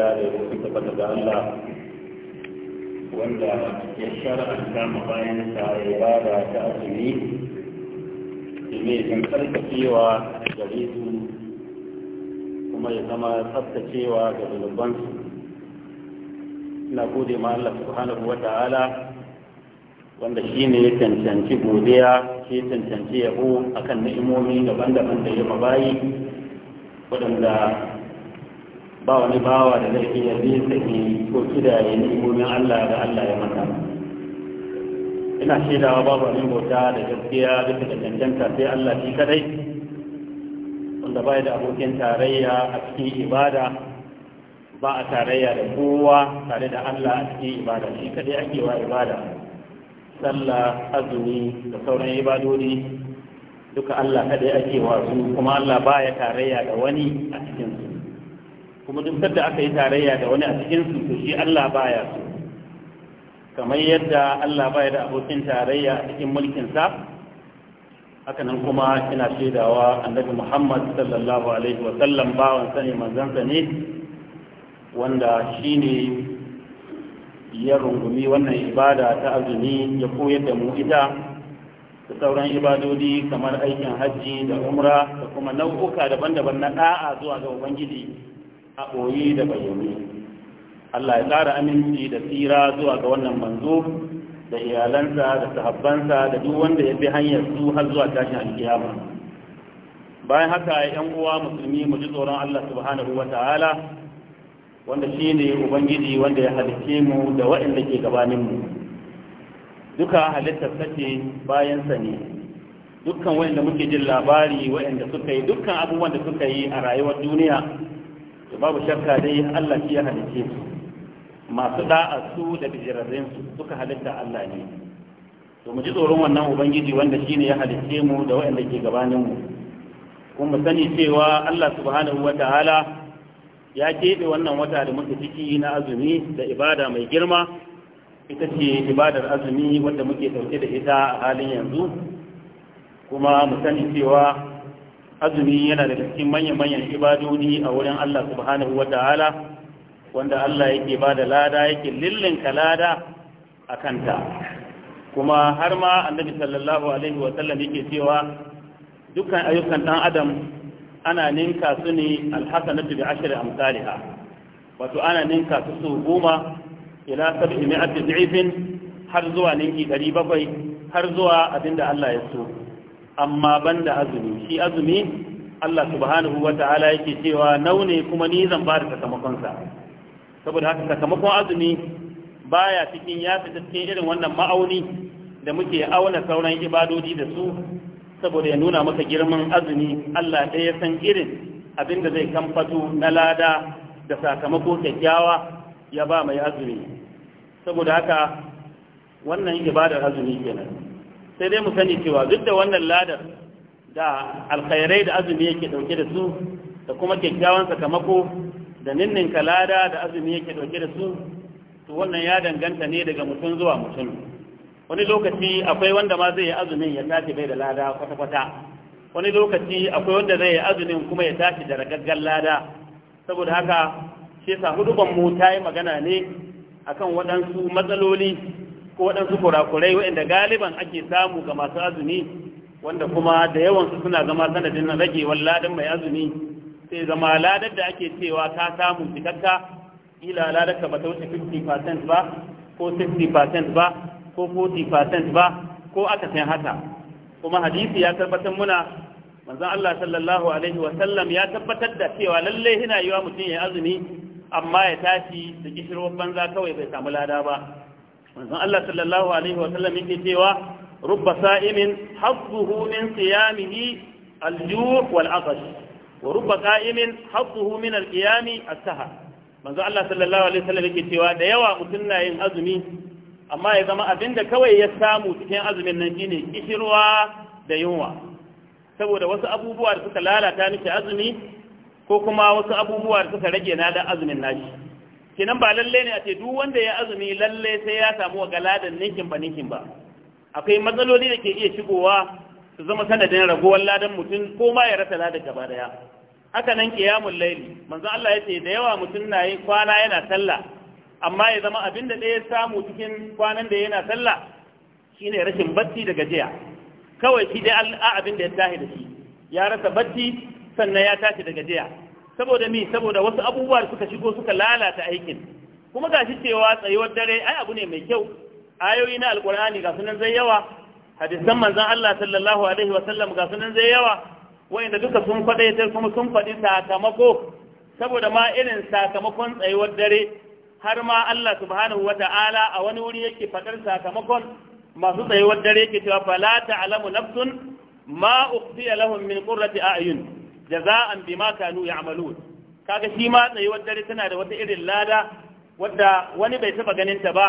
ya da yabo suka fata ga Allah wanda ya shar'anta mu bayan sa ibada ta azumi domin zan karkacewa gare su kuma ya zama tsaftacewa ga zunubansu ina gode ma Allah subhanahu wa ta'ala wanda shi ne ya cancanci godiya shi ya cancanci yabo akan ni'imomi daban-daban da ya mabayi waɗanda ba wani bawa da zai iya bin sake ko ya kidaye ni'imomin Allah da Allah ya mata ina shaidawa babu wani bauta da gaskiya duka da cancanta sai Allah shi kadai wanda bai da abokin tarayya a cikin ibada ba a tarayya da kowa tare da Allah a cikin ibada shi kadai ake wa ibada sallah azumi da sauran ibadodi duka Allah kadai ake wa su kuma Allah baya tarayya da wani a cikinsu. kuma duk da aka yi tarayya da wani a cikin su to shi Allah baya su. kamar yadda Allah baya da abokin tarayya a cikin mulkin sa haka nan kuma ina shaidawa annabi Muhammad sallallahu alaihi wa sallam bawan sa ne manzon sa ne wanda shine ya rungumi wannan ibada ta azumi ya koyar da mu ita da sauran ibadodi kamar aikin hajji da umra da kuma nau'uka daban-daban na da'a zuwa ga ubangiji a da bayyane Allah ya tsara aminci da tsira zuwa ga wannan manzo da iyalansa da sahabbansa da duk wanda ya bi hanyar su har zuwa tashin alkiyama bayan haka yan uwa musulmi mu ji tsoron Allah subhanahu wa ta'ala wanda shine ubangiji wanda ya halicce mu da waɗanda ke gabanin mu duka halittar sace bayan sa ne dukkan waɗanda muke jin labari waɗanda suka yi dukkan abubuwan da suka yi a rayuwar duniya babu shakka dai Allah shi ya halicce su masu da'a su da bijirarren su suka halitta Allah ne to mu ji tsoron wannan ubangiji wanda shi ne ya halicce mu da waɗanda ke gabanin mu kuma mu sani cewa Allah subhanahu Ta'ala ya keɓe wannan wata da muke ciki na azumi da ibada mai girma ita ce ibadar azumi wanda muke ɗauke da ita a halin yanzu kuma mu sani cewa azumi yana da cikin manya-manyan ibadodi a wurin Allah subhanahu wa ta'ala wanda Allah yake ba da lada yake lillinka lada a kanta kuma har ma annabi sallallahu alaihi wa sallam yake cewa dukkan ayyukan dan adam ana ninka su ne alhasanatu bi ashri amsalha wato ana ninka su su goma ila sab'i mi'ati dhifin har zuwa ninki 700 har zuwa abinda Allah ya so amma banda azumi shi azumi Allah subhanahu ta'ala yake cewa naune kuma ni zan ba da sakamakon saboda haka sakamakon azumi baya cikin ya fi cikin irin wannan ma'auni da muke auna sauran ibadodi da su saboda ya nuna maka girman azumi Allah ɗaya ya san irin abin da zai kamfato na lada da sakamako kyakkyawa ya ba mai azumi saboda haka wannan ibadar azumi kenan sai dai mu sani cewa duk da wannan ladar da alkhairai da azumi yake dauke da su da kuma kyakkyawan sakamako da ninninka lada da azumi yake dauke da su to wannan ya danganta ne daga mutum zuwa mutum wani lokaci akwai wanda ma zai yi azumin ya tashi bai da lada kwata-kwata wani lokaci akwai wanda zai yi azumin kuma ya tashi da ragaggar lada saboda haka shi yasa hudubar mu ta yi magana ne akan waɗansu matsaloli ko waɗansu kurakurai waɗanda galiban ake samu ga masu azumi wanda kuma da yawansu suna zama sanadin rage ladan mai azumi sai zama ladar da ake cewa ka samu cikakka ila ladar ka ba ta wuce 50% ba ko 60% ba ko 40% ba ko aka san haka kuma hadisi ya tabbatar muna manzon Allah sallallahu alaihi wa sallam ya tabbatar da cewa lalle yana yiwa mutum ya azumi amma ya tashi da kishirwar banza kawai bai samu lada ba manzon Allah sallallahu alaihi wa sallam yake cewa rubba sa'imin hazzuhu min siyamihi al-ju' wal atash wa rubba qa'imin hazzuhu min al-qiyami as-sahar manzon Allah sallallahu alaihi wa sallam yake cewa da yawa mutum na yin azumi amma ya zama abinda kawai ya samu cikin azumin nan shine kishirwa da yunwa saboda wasu abubuwa da suka lalata miki azumi ko kuma wasu abubuwa da suka rage na da azumin nashi kenan ba lalle ne a ce duk wanda ya azumi lalle sai ya samu wa galadan ninkin ba ninkin ba akwai matsaloli da ke iya shigowa su zama sanadin raguwar ladan mutum ko ma ya rasa ladan gaba daya haka nan qiyamul layli manzo Allah ya ce da yawa mutum na yi kwana yana sallah amma ya zama abin da ɗaya samu cikin kwanan da yana sallah shine rashin bacci da gajiya kawai shi dai abin da ya tashi da shi ya rasa bacci sannan ya tashi da gajiya saboda mi saboda wasu abubuwa suka shigo suka lalata aikin kuma gashi cewa tsayuwar dare ai abu ne mai kyau ayoyi na alkur'ani ga sunan zai yawa hadisan manzon Allah sallallahu alaihi wa sallam ga sunan zai yawa wayanda duka sun faɗaitar kuma sun faɗi sakamako saboda ma irin sakamakon tsayuwar dare har ma Allah subhanahu wa ta'ala a wani wuri yake faɗar sakamakon masu tsayuwar dare yake cewa fala ta'lamu nafsun ma ukhfiya lahum min qurrati a'yun jaza'an bima kanu ya'malun kaga shi ma tsayuwar dare tana da wata irin lada wadda wani bai taba ganin ta ba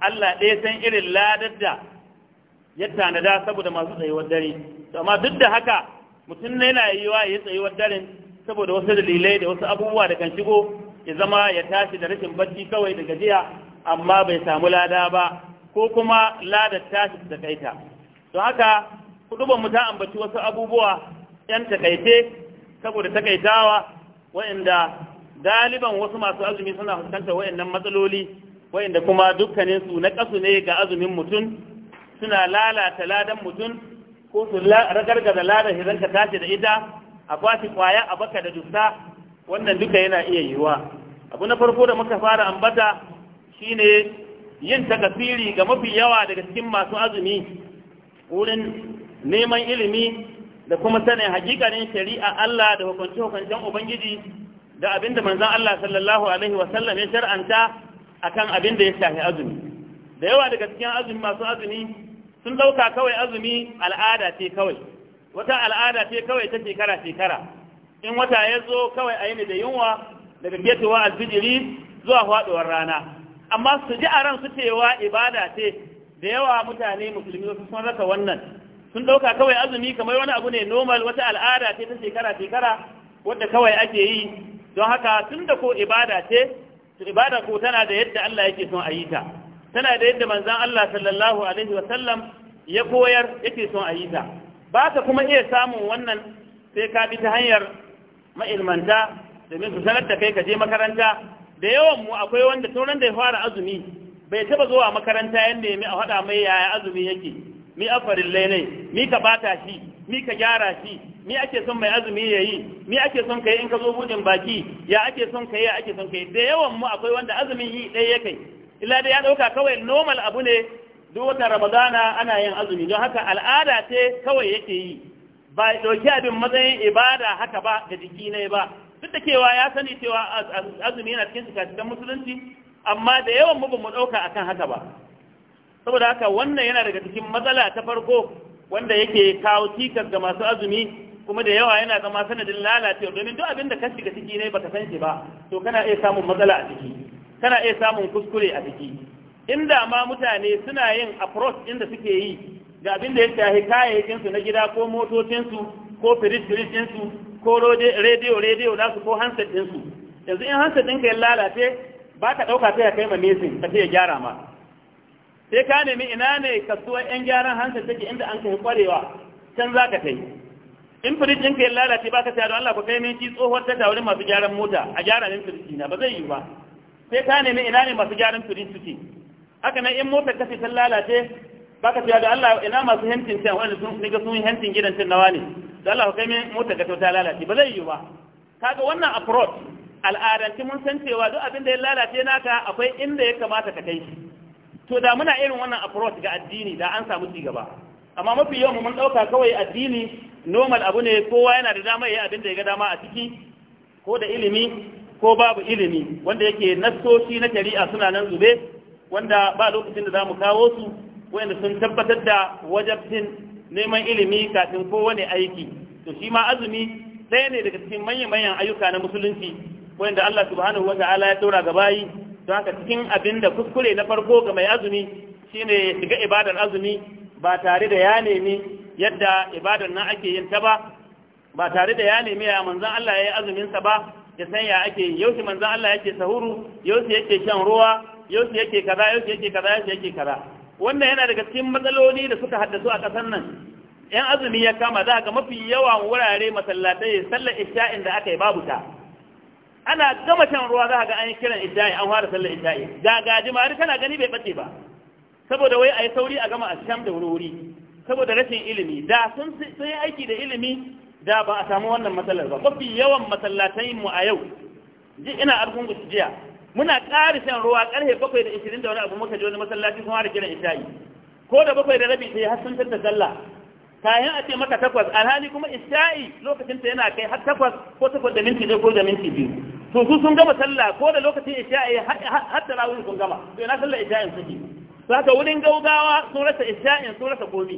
Allah ɗaya san irin ladar da ya tanada saboda masu tsayuwar dare amma duk da haka mutum ne yana yiwa ya tsayuwar dare saboda wasu dalilai da wasu abubuwa da kan shigo ya zama ya tashi da rashin bacci kawai da gajiya amma bai samu lada ba ko kuma ladar tashi da kaita to haka kudubar mu ta ambaci wasu abubuwa 'yan takaice saboda takaitawa wa'inda galiban wasu masu azumi suna fuskantar wa'indan matsaloli wa'inda kuma dukkanin su na kasu ne ga azumin mutum suna lalata ladan mutum ko su ragargaza ladan hiranka tace da ita a kwashi kwaya a baka da dusta wannan duka yana iya yiwuwa abu na farko da muka fara ambata shine yin takasiri ga mafi yawa daga cikin masu azumi wurin neman ilimi da kuma sanin hakikanin shari'a Allah da hukunci-hukuncin Ubangiji da abin da manzan Allah sallallahu Alaihi wasallam ya shar'anta a kan abin ya shafi azumi. Da yawa daga cikin azumi masu azumi sun ɗauka kawai azumi al'ada ce kawai, wata al'ada ce kawai ta shekara-shekara. In wata ya zo kawai a yini da yunwa daga getowa alfijiri zuwa haɗuwar rana. Amma su ji a ran su cewa ibada ce da yawa mutane musulmi sun rasa wannan sun ɗauka kawai azumi kamar wani abu ne normal wata al'ada ce ta shekara-shekara wadda kawai ake yi don haka tun da ko ibada ce ibada ko tana da yadda Allah yake son a yi ta tana da yadda manzan Allah sallallahu alaihi wasallam ya koyar yake son a yi ta ba ka kuma iya samun wannan sai ka bi ta hanyar ma'ilmanta domin su sanar da kai ka je makaranta da yawan mu akwai wanda sauran da ya fara azumi bai taba zuwa makaranta yadda ya mai a faɗa mai yaya azumi yake mi afarin ne mi ka bata shi mi ka gyara shi mi ake son mai azumi ya yi mi ake son ka yi in ka zo buɗin baki ya ake son ka yi ake son ka yi da yawan mu akwai wanda azumin yi ɗaya ya kai illa dai ya ɗauka kawai normal abu ne duk wata ramadana ana yin azumi don haka al'ada ce kawai yake yi ba ɗauki abin matsayin ibada haka ba da jiki ne ba duk da cewa ya sani cewa azumi yana cikin cikin musulunci amma da yawan mu ba mu ɗauka akan haka ba saboda haka wannan yana daga cikin matsala ta farko wanda yake kawo cikas ga masu azumi kuma da yawa yana zama sanadin lalace domin duk abin da ka shiga ciki ne baka san shi ba to kana iya samun matsala a ciki kana iya samun kuskure a ciki inda ma mutane suna yin approach inda suke yi ga abin da ya shafi kayayyakin su na gida ko motocin su ko fridge fridge din su ko radio radio nasu ko handset din su yanzu in handset ɗinka ya lalace ba ka ɗauka sai ya kai ma nesin ka ya gyara ma sai ka nemi ina ne kasuwar 'yan gyaran hansa take inda an kai kwarewa can za ka kai in firij ka yi lalace ba ka sai da Allah ku kai min tsohuwar ta wurin masu gyaran mota a gyara min firiji na ba zai yi ba sai ka nemi ina ne masu gyaran firiji suke haka nan in motar ta fi ta lalace ba ka sai da Allah ina masu hentin can wanda sun ga sun hentin gidan can nawa ne da Allah ku kai min motar ka ta lalace ba zai yi ba kaga wannan approach al'adanci mun san cewa duk abin da ya lalace naka akwai inda ya kamata ka kai shi to da muna irin wannan approach ga addini da an samu cigaba amma mafi yawan mun ɗauka kawai addini normal abu ne kowa yana da dama ya abin da ya ga dama a ciki ko da ilimi ko babu ilimi wanda yake nassoshi na shari'a suna nan zube wanda ba lokacin da za mu kawo su wanda sun tabbatar da wajabtin neman ilimi kafin ko wani aiki to shi ma azumi ɗaya ne daga cikin manyan manyan ayyuka na musulunci wanda Allah subhanahu wa ta'ala ya daura ga bayi don haka cikin abin da kuskure na farko ga mai azumi shine ya shiga ibadar azumi ba tare da ya nemi yadda ibadar nan ake yin ta ba ba tare da ya nemi ya manzan Allah ya yi azuminsa ba ya san ya ake yaushe manzan Allah yake sahuru yaushe yake shan ruwa yaushe yake kaza yaushe yake kaza yaushe yake kaza wannan yana daga cikin matsaloli da suka haddasu a ƙasar nan yan azumi ya kama za ka mafi yawan wurare masallatai sallar isha'in da aka yi babu ta ana gama shan ruwa za a ga an yi kiran idda'i an fara sallar idda'i ga gajimari kana gani bai bace ba saboda wai a yi sauri a gama a sham da wuri saboda rashin ilimi da sun yi aiki da ilimi da ba a samu wannan matsalar ba mafi yawan masallatai mu a yau ji ina arkun gusu jiya muna ƙari shan ruwa ƙarfe bakwai da ishirin da wani abu muka ji wani masallaci kuma da kiran isha'i ko da bakwai da rabi sai har sun da sallah kayan a ce maka takwas alhali kuma isha'i lokacin ta yana kai har takwas ko takwas da minti ɗaya ko da minti biyu to su sun gama sallah ko da lokacin isha'i har tarawih sun gama to ina sallah isha'in suke to haka wurin gaugawa sun rasa isha'in sun rasa komi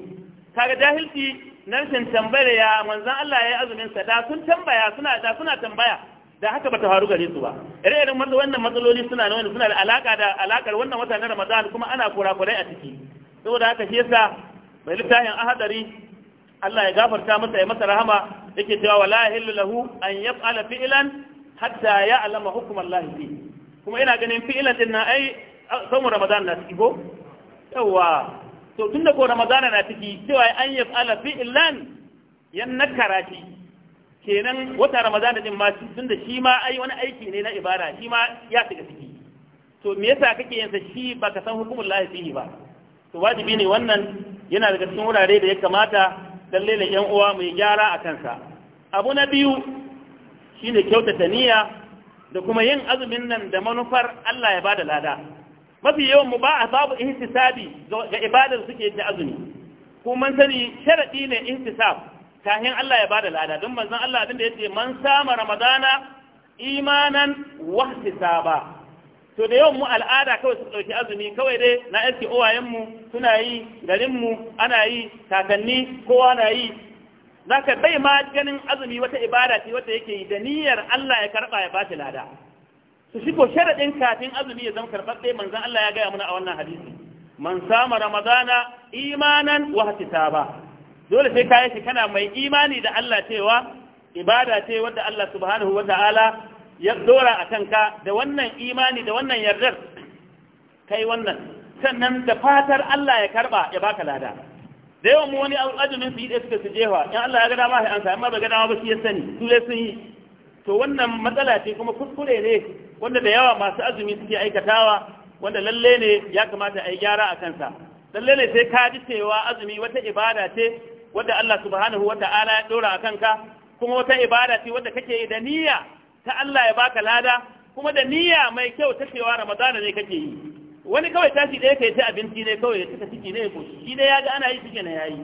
kaga jahilci na rashin tambaya manzon Allah ya yi azumin sa da sun tambaya suna da suna tambaya da haka bata faru gare su ba ire iren wannan matsaloli suna da suna da alaka da alakar wannan wata na Ramadan kuma ana kurakurai a ciki saboda haka shi yasa mai littafin ahadari Allah ya gafarta masa ya masa rahama yake cewa wala yahillu lahu an yaf'ala fi'lan hatta ya alama hukumar lahi kuma ina ganin fi'ilan din na ai samun ramadan na ciki ko yawa to tunda ko ramadana na ciki cewa an yi ala fi'ilan yan nakara shi kenan wata ramadana din ma tunda shi ma ai wani aiki ne na ibada shi ma ya shiga ciki to me yasa kake yin sa shi baka san hukumar lahi fihi ba to wajibi ne wannan yana daga cikin wurare da ya kamata dalilin yan uwa mu gyara a kansa abu na biyu shine kyautata niyya da kuma yin azumin nan da manufar Allah ya bada lada mafi yawan mu ba a babu ihtisabi ga ibadar suke da azumi kuma man sani sharadi ne ihtisab kahin Allah ya bada lada don manzon Allah abin da yace man sama ramadana imanan wa ihtisaba to da yawan mu al'ada kawai su ɗauki azumi kawai dai na yaske mu suna yi mu ana yi kakanni kowa na yi zaka bai ma ganin azumi wata ibada ce wata yake yi da niyyar Allah ya karba ya bashi lada su shi ko sharadin kafin azumi ya zama karɓaɓɓe manzon Allah ya gaya mana a wannan hadisi man sama ramadana imanan wa ba. dole sai kayan shi kana mai imani da Allah cewa ibada ce wadda Allah subhanahu wa ta'ala ya dora a kanka da wannan imani da wannan yardar kai wannan sannan da fatar Allah ya karba ya baka lada da yawan mu wani azumin su yi da suka su jefa in Allah ya ga dama sai an sa amma bai ga dama ba shi ya sani su dai sun yi to wannan matsala ce kuma kuskure ne wanda da yawa masu azumi suke aikatawa wanda lalle ne ya kamata a yi gyara a kansa lalle ne sai ka ji cewa azumi wata ibada ce wadda Allah subhanahu wa ta'ala ya dora a kanka kuma wata ibada ce wadda kake yi da niyya ta Allah ya baka lada kuma da niyya mai kyau ta cewa Ramadana ne kake yi wani kawai tashi ɗaya kai ta abinci ne kawai ya cika ciki ne ya koshi shi ne ya ga ana yi cike na yayi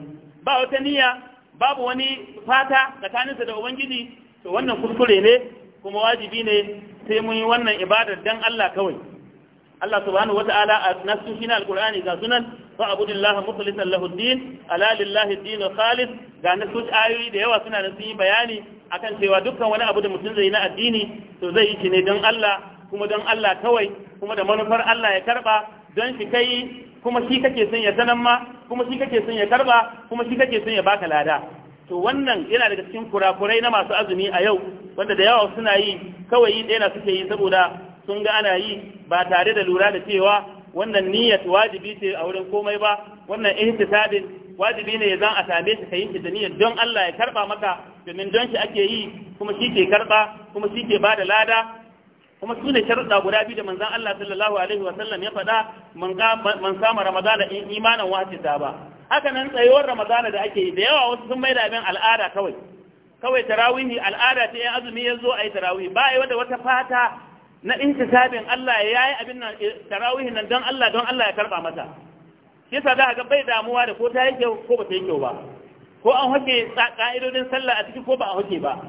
ba wata niyya babu wani fata tsakaninsa da ubangiji to wannan kuskure ne kuma wajibi ne sai mun yi wannan ibadar dan Allah kawai Allah subhanahu wata'ala a nasu shi na alkur'ani ga sunan fa abudillah mukhlishan lahu din ala lillahi din khalis ga nasu ayoyi da yawa suna da sun yi bayani akan cewa dukkan wani abu da mutum zai yi na addini to zai yi shi ne don Allah kuma don Allah kawai kuma da manufar Allah ya karba don shi kai kuma shi kake son ya sanan ma kuma shi kake son ya karba kuma shi kake son ya baka lada to wannan yana daga cikin kurakurai na masu azumi a yau wanda da yawa suna yi kawai yi ɗaya suke yi saboda sun ga ana yi ba tare da lura da cewa wannan niyyat wajibi ce a wurin komai ba wannan ihtisabin wajibi ne zan a same shi kai shi da niyyar don Allah ya karba maka domin don shi ake yi kuma shi ke karba kuma shi ke bada lada kuma su ne sharuɗa guda biyu da manzan Allah sallallahu alaihi wa ya faɗa man sama ramadana in imanin wace ta ba haka nan tsayuwar ramadana da ake yi da yawa wasu sun mai da abin al'ada kawai kawai tarawihi al'ada ta yan azumi ya zo a yi tarawihi ba a yi wata wata fata na sabin Allah ya yi abin nan eh, tarawihi nan don Allah don Allah ya karɓa mata shi sa za ga bai damuwa da ko ta yi kyau ko ba ta yi kyau ba ko an hake ka'idodin sallah a ciki ko ba a hake ba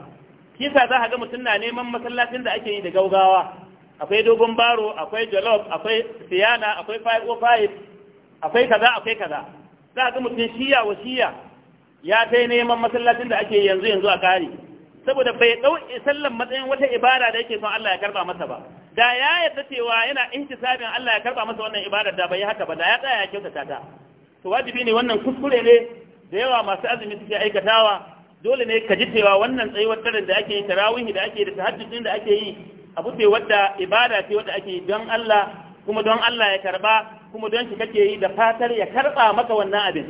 kisa za ka ga mutum na neman masallacin da ake yi da gaugawa akwai dogon baro akwai jalof akwai siyana akwai five oh akwai kaza akwai kaza za ka ga mutum shiya wa shiya ya kai neman masallacin da ake yanzu yanzu a kare saboda bai dau sallan matsayin wata ibada da yake son Allah ya karba masa ba da ya yarda cewa yana ihtisabin Allah ya karba masa wannan ibadar da bai haka ba da ya tsaya ya kyautata ta to wajibi ne wannan kuskure ne da yawa masu azumi suke aikatawa dole ne ka ji cewa wannan tsayuwar daren da ake yi tarawih da ake yi da tahajjud da ake yi abu ce wadda ibada ce wadda ake yi don Allah kuma don Allah ya karba kuma don shi kake yi da fatar ya karba maka wannan abin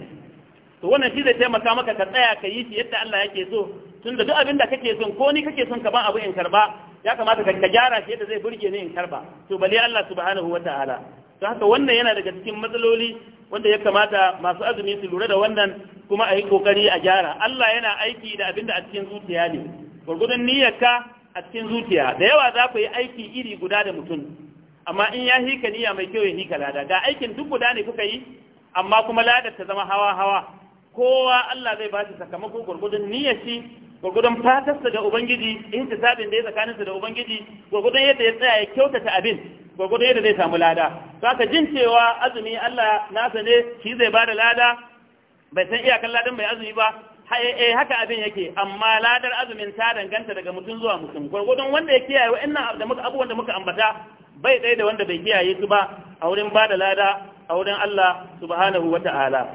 to wannan shi zai taimaka maka ka tsaya ka yi shi yadda Allah yake so tunda duk abin da kake son ko ni kake son ka ban abu in karba ya kamata ka gyara shi yadda zai burge ne in karba to bale Allah subhanahu wataala to haka wannan yana daga cikin matsaloli wanda ya kamata masu azumi su lura da wannan kuma a yi kokari a gyara Allah yana aiki da abin da a cikin zuciya ne gurgudun niyyarka a cikin zuciya da yawa za ku yi aiki iri guda da mutum amma in ya hika niyya mai kyau ya hika lada ga aikin duk guda ne kuka yi amma kuma ladar ta zama hawa hawa kowa Allah zai ba shi sakamako gurgudun niyyar shi gurgudun fatarsa ga ubangiji in ta sabin da ya tsakaninsa da ubangiji gurgudun yadda ya tsaya ya kyautata abin gurgudun yadda zai samu lada saka jin cewa azumi Allah nasa ne shi zai ba da lada bai san iyakar ladan bai azumi ba eh, eh haka abin yake amma ladar azumin ta danganta daga mutum zuwa mutum gurgudun wanda ya kiyaye wa'annan da muka abubuwan da muka ambata bai ɗaya da wanda bai kiyaye su ba a wurin ba da lada a wurin Allah subhanahu wa ta'ala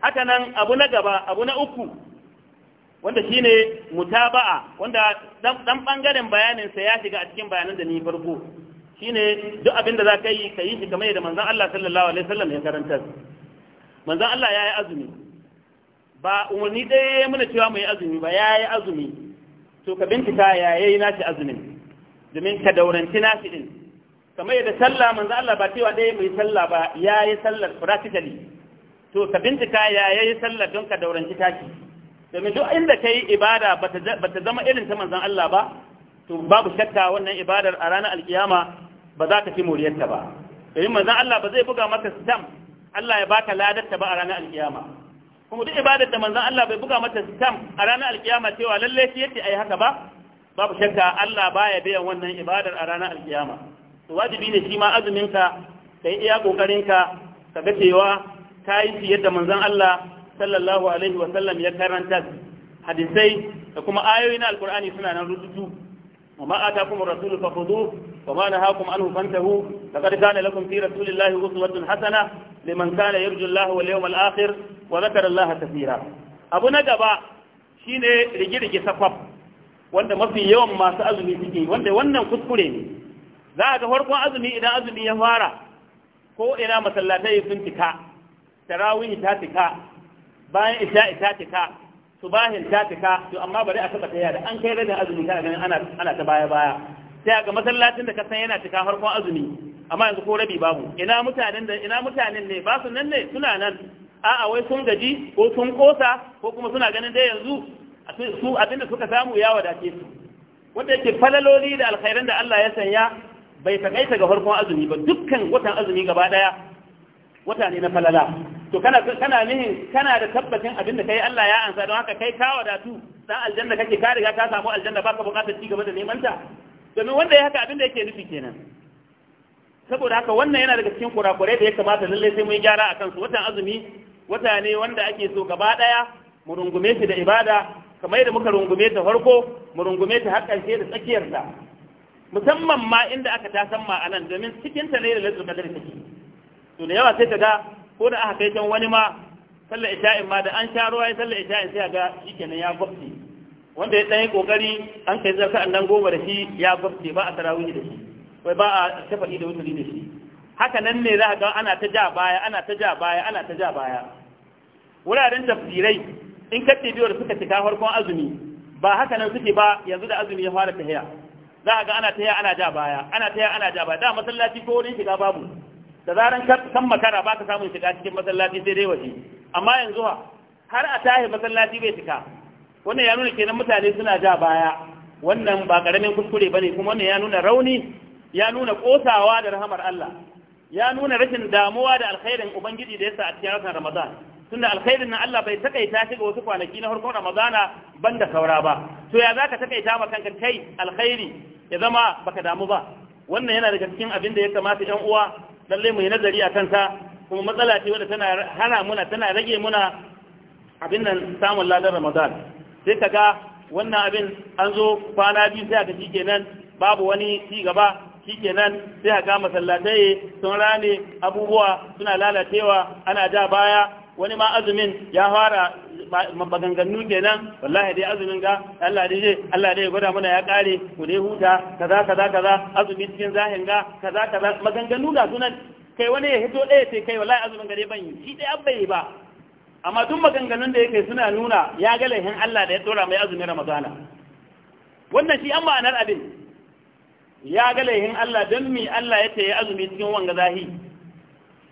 haka nan abu na gaba abu na uku wanda shi ne mutaba'a wanda dan bangaren bayanin sa ya shiga a cikin bayanan da ni farko shi ne duk abin da za ka yi ka yi shi kamar yadda manzan Allah sallallahu alaihi wasallam ya karantar manzan Allah ya yi azumi ba umarni ɗaya ya muna cewa mu yi azumi ba ya yi azumi to ka bincika ya yi nashi azumin domin ka dauranci nashi din kamar yadda sallah manzan Allah ba cewa ɗaya mai sallah ba ya yi sallar practically to ka bincika ya yi sallar don ka dauranci taki domin duk inda ka yi ibada ba ta zama irin ta manzan Allah ba to babu shakka wannan ibadar a ranar alkiyama ba za ka fi muriyarta ba domin manzan Allah ba zai buga maka sitam, Allah ya baka ladarta ba a ranar alkiyama kuma duk ibadar da manzan Allah bai buga mata sitam a ranar alkiyama cewa lalle shi yadda yi haka ba babu shakka Allah baya biyan wannan ibadar a ranar alkiyama to wajibi ne shi ma azumin ka yi iya kokarin ka ka ga cewa ka yi yadda manzan Allah sallallahu alaihi wa sallam ya karanta hadisai da kuma ayoyi na alkur'ani suna nan rubutu وما آتاكم الرسول فخذوه وما نهاكم عنه فانتهوا لقد fi لكم في رسول الله أسوة حسنة لمن كان يرجو الله واليوم الآخر وذكر الله كثيرا أبو نجبا شيني رجي رجي سفب wanda mafi yawan masu azumi suke wanda wannan kuskure ne za ga farkon azumi idan azumi ya fara ko ina masallatai sun tika tarawih ta tika bayan isha'i ta cika Bahin ta cika to amma bari a saba tayya an kai rabin azumi ta ganin ana ta baya baya sai ga masallacin da ka san yana cika farkon azumi amma yanzu ko rabi babu ina mutanen da ina mutanen ne ba su nan ne suna nan a'a wai sun gaji ko sun kosa ko kuma suna ganin dai yanzu su abinda suka samu ya wadace su wanda yake falaloli da alkhairan da Allah ya sanya bai takaita ga farkon azumi ba dukkan watan azumi gaba daya wata ne na falala to kana kana nihin kana da tabbacin abin da kai Allah ya ansa don haka kai ka wadatu dan aljanna kake ka riga ka samu aljanna baka bukatar ci gaba da neman ta domin wanda ya haka abin da yake nufi kenan saboda haka wannan yana daga cikin kurakure da ya kamata lalle sai mu yi gyara akan su watan azumi wata ne wanda ake so gaba daya mu rungume shi da ibada kamar yadda muka rungume ta farko mu rungume ta hakkance da tsakiyar tsakiyarsa musamman ma inda aka ta san ma'anan domin cikin ta ne da lalle kadar take to da yawa sai ta ga ko da aka kai can wani ma sallar isha'in ma da an sha ruwa ya sallar isha'in sai ga kenan ya gwabce wanda ya dan yi kokari an kai zarka nan goma da shi ya gwabce ba a tarawih da shi wai ba a tafadi da wuturi da shi haka nan ne za ga ana ta ja baya ana ta ja baya ana ta ja baya wuraren tafsirai in kace biyar suka cika farkon azumi ba haka nan suke ba yanzu da azumi ya fara tahiya za ga ana tahiya ana ja baya ana tahiya ana ja baya da masallaci ko wurin shiga babu da zaran kan makara ba ka samun shiga cikin masallaci sai dai waje amma yanzu har a tahi masallaci bai cika wannan ya nuna kenan mutane suna ja baya wannan ba karamin kuskure bane kuma wannan ya nuna rauni ya nuna kosawa da rahamar Allah ya nuna rashin damuwa da alkhairin ubangiji da yasa a cikin watan Ramadan tunda alkhairin nan Allah bai takaita shi ga wasu kwanaki na farkon Ramadana banda saura ba to ya zaka takaita ma kanka kai alkhairi ya zama baka damu ba wannan yana daga cikin abin da ya kamata 'yan uwa lallai mu yi nazari a kansa kuma matsala ce wadda tana hana muna tana rage muna abin nan samun ladar ramadan sai ka ga wannan abin an zo kwana biyu sai aka shi kenan babu wani ci gaba shi kenan sai aka masallatai sun rane abubuwa suna lalacewa ana ja baya wani ma azumin ya fara maganganu kenan wallahi dai azumin ga Allah dai je Allah dai gwada mana ya kare ku dai huta kaza kaza kaza azumi cikin zahin ga kaza kaza maganganu ga sunan kai wani ya hito ɗaya sai kai wallahi azumin gare ban yi shi dai abbai ba amma duk maganganun da yake suna nuna ya ga laihin Allah da ya tsora mai azumin Ramadana wannan shi an ma'anar abin ya ga laihin Allah dan mi Allah ya tayi azumi cikin wanga zahi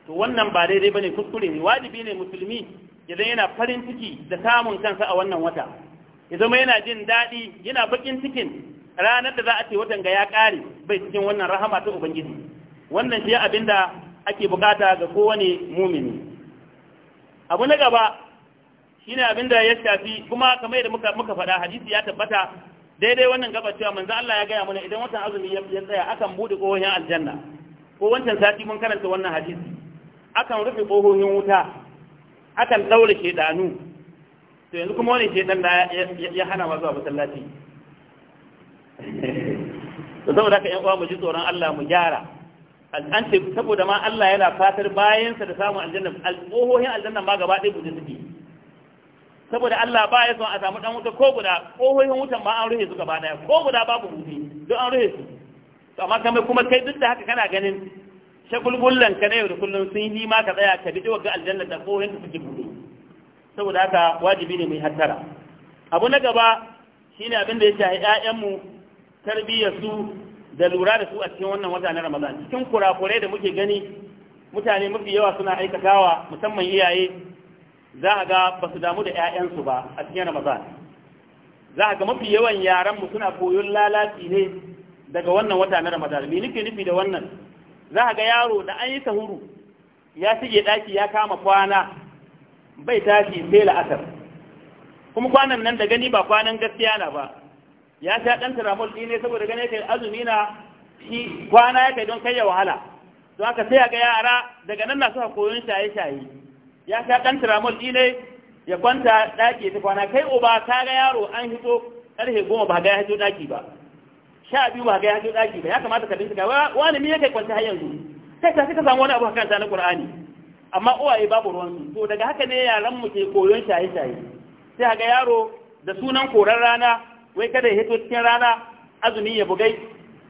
to wannan ba daidai bane kuskure ne wajibi ne musulmi idan yana farin ciki da samun kansa a wannan wata ya zama yana jin daɗi yana bakin cikin ranar da za a ce watan ga ya ƙare bai cikin wannan rahama ta ubangiji wannan shi abin da ake bukata ga kowane mumini abu na gaba shine abin da ya shafi kuma kamar yadda muka muka faɗa hadisi ya tabbata daidai wannan gaba cewa manzo Allah ya gaya mana idan watan azumi ya tsaya akan bude kohohin aljanna ko wancan sati mun karanta wannan hadisi akan rufe kohohin wuta akan daure shedanu to yanzu kuma wani shedan da ya hana ma zuwa masallaci to saboda haka yan uwa mu ji tsoron Allah mu gyara an ce saboda ma Allah yana fatar bayansa da samun aljanna al'ohohin aljanna ma gaba ɗaya buje suke saboda Allah ba ya son a samu ɗan wuta ko guda ƙohohin wutan ma an rufe su gaba ɗaya ko guda babu rufe don an rufe su to amma kamar kuma kai duk da haka kana ganin shagulgullan ka na yau da kullum sun yi ma ka tsaya ka bi ga aljanna da kohin suke buɗe saboda haka wajibi ne mai hattara abu na gaba shine abin da ya shahi ƴaƴanmu tarbiyyar su da lura da su a cikin wannan wata na Ramadan cikin kurakurai da muke gani mutane mafi yawa suna aikatawa musamman iyaye za a ga ba su damu da 'ya'yansu ba a cikin Ramadan za a ga mafi yawan yaran mu suna koyon lalaci ne daga wannan wata na Ramadan me nufi nufi da wannan za a ga yaro da an yi sahuru ya shige daki ya kama kwana bai tashi sai la'asar kuma kwanan nan da gani ba kwanan gaskiya na ba ya sha dan taramol saboda gane kai azumi na shi kwana ya kai don kai ya wahala don aka sai ga yara daga nan na suka koyon shaye shaye ya sha dan taramol ya kwanta daki ta kwana kai uba ka ga yaro an hito karfe goma ba ga ya hito daki ba sha biyu ba ga ya ɗaki ba ya kamata ka bincika wani me yake kwanci har yanzu sai suka samu wani abu kan ta na Qur'ani amma uwaye babu ruwan to daga haka ne yaran mu ke koyon shaye shaye sai ga yaro da sunan koran rana wai kada ya hito cikin rana azumi ya bugai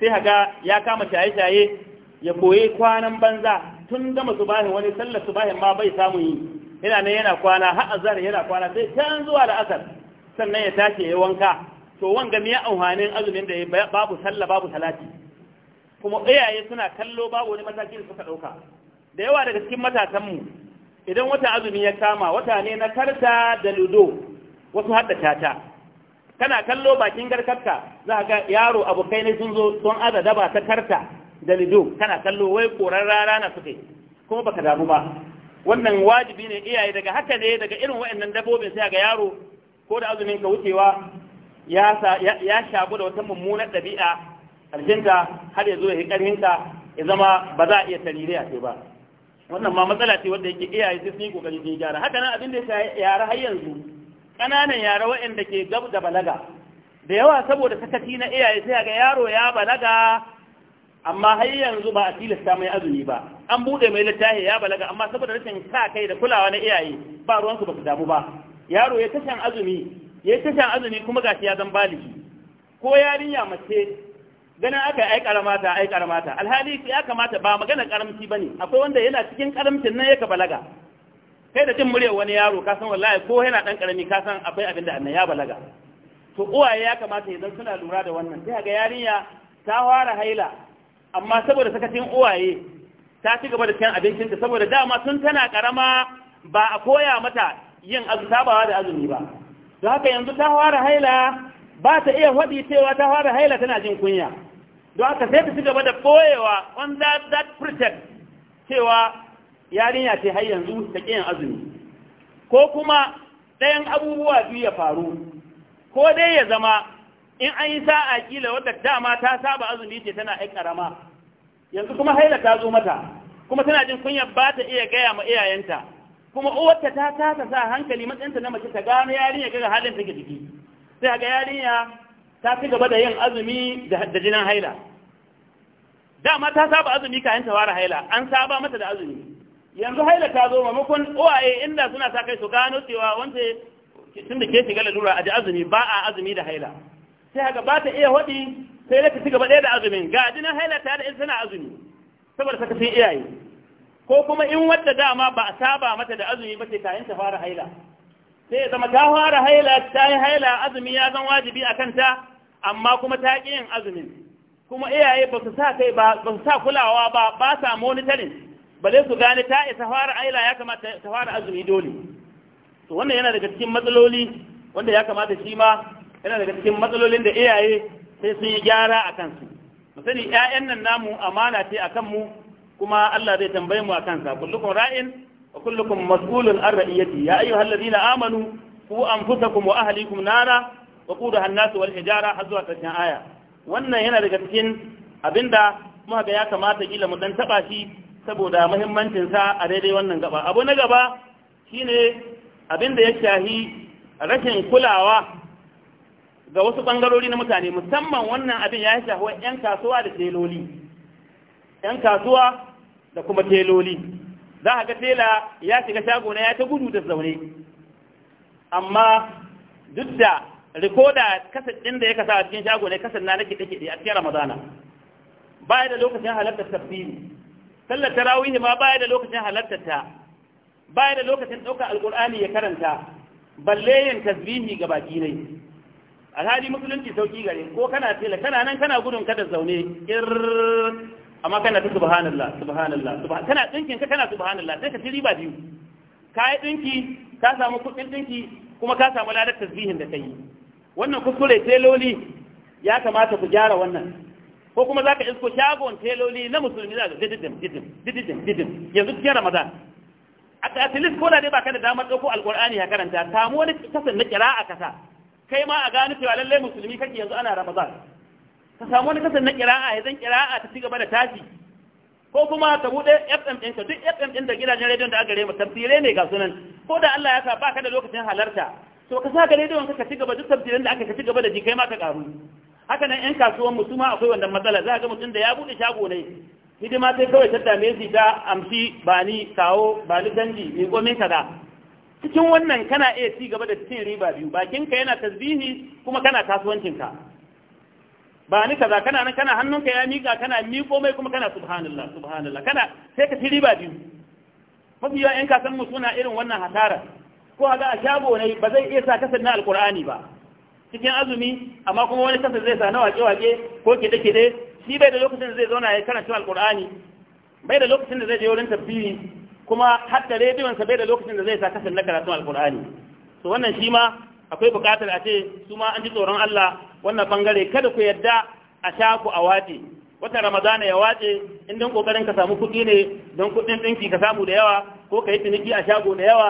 sai ga ya kama shaye shaye ya koye kwanan banza tun gama subahin wani sallar subahin ma bai samu yi yana nan yana kwana har azhar yana kwana sai can zuwa da asar sannan ya tashi ya wanka to wanga miya auhanin azumin da ya babu sallah babu salati kuma iyaye suna kallo babu wani matakin da suka ɗauka da yawa daga cikin matasan mu idan wata azumi ya kama wata ne na karta da ludo wasu da tata kana kallo bakin garkarka za ga yaro abokai ne sun zo sun aza daba ta karta da ludo kana kallo wai koran rana na suke kuma baka damu ba wannan wajibi ne iyaye daga haka ne daga irin waɗannan dabbobin sai ga yaro ko da azumin ka wucewa ya shabu da wata mummunar ɗabi'a ƙarshenka har ya zo ya ya zama ba za a iya tarire a ce ba wannan ma matsala ce wanda yake iyaye sai sun yi sun gyara haka nan abin da ya yara har yanzu ƙananan yara waɗanda ke gab da balaga da yawa saboda sakaci na iyaye sai ga yaro ya balaga amma har yanzu ba a tilasta mai azumi ba an buɗe mai littafi ya balaga amma saboda rashin sa kai da kulawa na iyaye ba ruwansu ba su damu ba yaro ya tashan azumi ya ta sha azumi kuma shi ya zan shi ko yarinya mace ganin aka yi ai a ai mata alhali ya kamata ba magana karamci ne akwai wanda yana cikin karamcin nan yaka balaga kai da jin murya wani yaro ka san wallahi ko yana dan karami ka san akwai abin da annan ya balaga to uwaye ya kamata idan suna lura da wannan sai ga yarinya ta fara haila amma saboda sakacin uwaye ta ci gaba da cin ta saboda dama sun tana karama ba a koya mata yin sabawa da azumi ba To haka yanzu ta fara haila ba ta iya faɗi cewa ta fara haila tana jin kunya don haka sai ta ci gaba da ɓoyewa on that that project cewa yarinya ce har yanzu ta yin azumi ko kuma ɗayan abubuwa biyu ya faru ko dai ya zama in an yi sa'a kila wadda dama ta saba azumi ce tana ai karama yanzu kuma haila ta zo mata kuma tana jin kunya ba ta iya gaya ma iyayenta kuma uwarta ta kasa sa hankali matsayinta na mace ta gano yarinya kaga halin take jiki, sai ga yarinya ta ci gaba da yin azumi da jinin haila dama ta saba azumi kayan ta ware haila an saba mata da azumi yanzu haila ta zo mamakon uwaye inda suna sa kai su gano cewa wanda tun da ke shiga lalura a ji azumi ba a azumi da haila sai ga ba ta iya hudi sai da ta ci gaba ɗaya da azumin ga jinin haila ta da in suna azumi saboda sakacin iyaye ko kuma in wadda dama ba a saba mata da azumi ba ce kayan ta fara haila sai ya zama ta fara haila ta yi haila azumi ya zan wajibi a kanta amma kuma ta ƙi yin azumin kuma iyaye ba su sa kai ba ba su sa kulawa ba ba sa ba bale su gane ta isa fara haila ya kamata ta fara azumi dole to wannan yana daga cikin matsaloli wanda ya kamata shi ma yana daga cikin matsalolin da iyaye sai sun yi gyara a kansu mu sani ƴaƴan nan namu amana ce a kan mu kuma Allah zai tambaye mu akan sa kullukum ra'in wa kullukum mas'ulun an ra'iyati ya ayyuhal ladina amanu ku anfusakum wa ahlikum nara wa qudaha an-nas wal hijara zuwa ƙarshen aya wannan yana daga cikin abinda muka ga ya kamata kila mu dan taba shi saboda muhimmancin sa a daidai wannan gaba abu na gaba shine abinda ya shahi rashin kulawa ga wasu bangarori na mutane musamman wannan abin ya shafi 'yan kasuwa da teloli 'yan kasuwa da kuma teloli za a ga tela ya shiga shagona ya ta gudu da zaune amma duk da rikoda kasar ɗin da ya kasa a cikin shagona kasar na nake take a cikin ramadana Ba baya da lokacin halartar tafsiri sallar tarawih ma ba baya da lokacin halartar ta baya da lokacin ɗaukar alƙur'ani ya karanta balle yin tasbihi ga baki ne alhali musulunci sauki gare ko kana tela kana nan kana gudun kada zaune ir amma kana ta subhanallah subhanallah kana dinkin ka kana subhanallah sai ka ci riba biyu ka yi dinki ka samu kudin dinki kuma ka samu ladar tasbihin da kai wannan kuskure teloli ya kamata ku gyara wannan ko kuma za ka isko shagon teloli na musulmi za ka dididim dididim dididim yanzu cikin ramadan aka atlis ko da dai baka da damar dauko alqur'ani ya karanta samu wani kasan na kira'a kasa kai ma a gano cewa lallai musulmi kake yanzu ana ramadan ka samu wani kasar na kira'a ya zan kira'a ta ci da tashi ko kuma ka bude FM ɗinka duk FM ɗin da gidajen rediyon da aka gare mu tafsirai ne ga sunan ko da Allah ya sa ba ka da lokacin halarta to ka sa ga rediyon ka ci gaba duk tafsirin da aka ci gaba da jikai ma ka karu haka nan yan kasuwan su ma akwai wannan matsala za a ga mutum da ya buɗe shago ne hidima sai kawai ta dame shi ta amshi ba ni kawo ba ni danji mai komin kaza cikin wannan kana iya ci gaba da cin riba biyu bakinka yana tasbihi kuma kana kasuwancinka ba ni kaza kana nan kana hannunka ya miƙa kana miƙo mai kuma kana subhanallah subhanallah kana sai ka tiri ba biyu in yan san mu suna irin wannan hasara ko ga a shago ne ba zai iya sa kasar na alkur'ani ba cikin azumi amma kuma wani kasar zai sa na wake-wake ko kide-kide shi bai da lokacin da zai zauna ya karanta alkur'ani bai da lokacin da zai je wurin tafsiri kuma hatta rediyonsa bai da lokacin da zai sa kasar na karatun alkur'ani to wannan shi ma akwai bukatar a ce su ma an ji tsoron Allah wannan bangare kada ku yadda a sha ku a wace wata ramadana ya wace in don kokarin ka samu kuɗi ne don kuɗin ɗinki ka samu da yawa ko ka yi ciniki a shago da yawa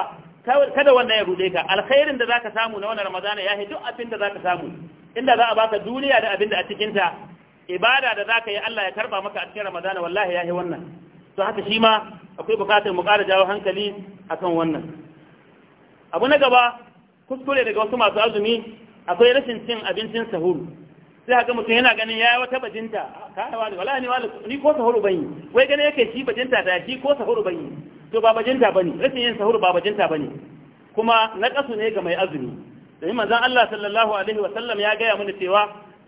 kada wannan ya rude ka alkhairin da zaka samu na wannan ramadana ya duk abin da zaka samu inda za a baka duniya da abin da a cikin ta ibada da zaka yi Allah ya karba maka a cikin ramadana wallahi ya yi wannan to haka shi ma akwai bukatar mu ƙara jawo hankali akan wannan abu na gaba kuskure daga wasu masu azumi akwai rashin cin abincin sahuru sai haka mutum yana ganin ya yi wata bajinta hawa da wala ne wala ni ko sahuru bane wai gane yake shi bajinta da shi ko sahuru bane to ba bajinta bane rashin yin sahuru ba bajinta bane kuma kasu ne ga mai azumi domin manzon Allah sallallahu alaihi wa sallam ya gaya mana cewa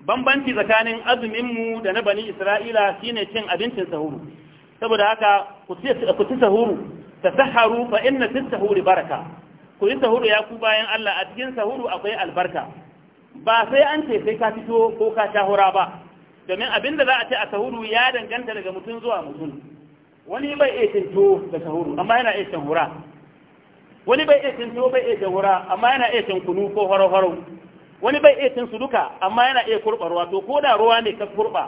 bambanci tsakanin azumin mu da na bani Isra'ila shine cin abincin sahuru saboda haka ku ci sahuru tasahharu fa inna fi sahuri baraka ku yi sahuru ya ku bayan Allah a cikin sahuru akwai albarka ba sai an ce sai ka fito ko ka tahura ba domin abin da za a ce a sahuru ya danganta daga mutum zuwa mutum wani bai iya tinto da sahuru amma yana iya cin hura wani bai iya tinto bai iya cin hura amma yana iya cin kunu ko horo-horo wani bai iya cin suduka amma yana iya kurɓa ruwa to ko da ruwa ne ka kurɓa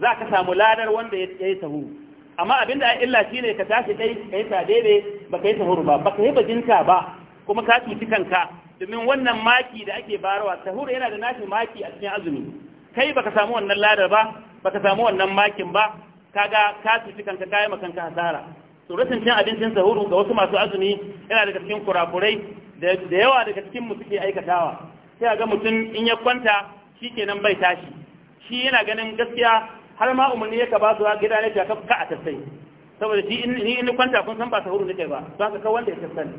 za ka samu ladar wanda ya yi sahuru amma abin da illa shi ne, ka tashi kai kai sadebe ba ka yi sahuru ba Ba ka yi bajinta ba kuma ka cuci kanka domin wannan maki da ake barawa sahur yana da nashi maki a cikin azumi kai baka samu wannan ladar ba baka samu wannan makin ba kaga ka cuci kanka maka kanka hasara to rashin cin abincin sahuru ga wasu masu azumi yana daga cikin kurakurai da yawa daga cikin mu suke aikatawa sai ga mutum in ya kwanta shikenan bai tashi shi yana ganin gaskiya har ma umarni yaka ba su gida ne ta ka a tasai saboda shi in ni kwanta kun san ba sahuru nake ba ba ka wanda ya tasani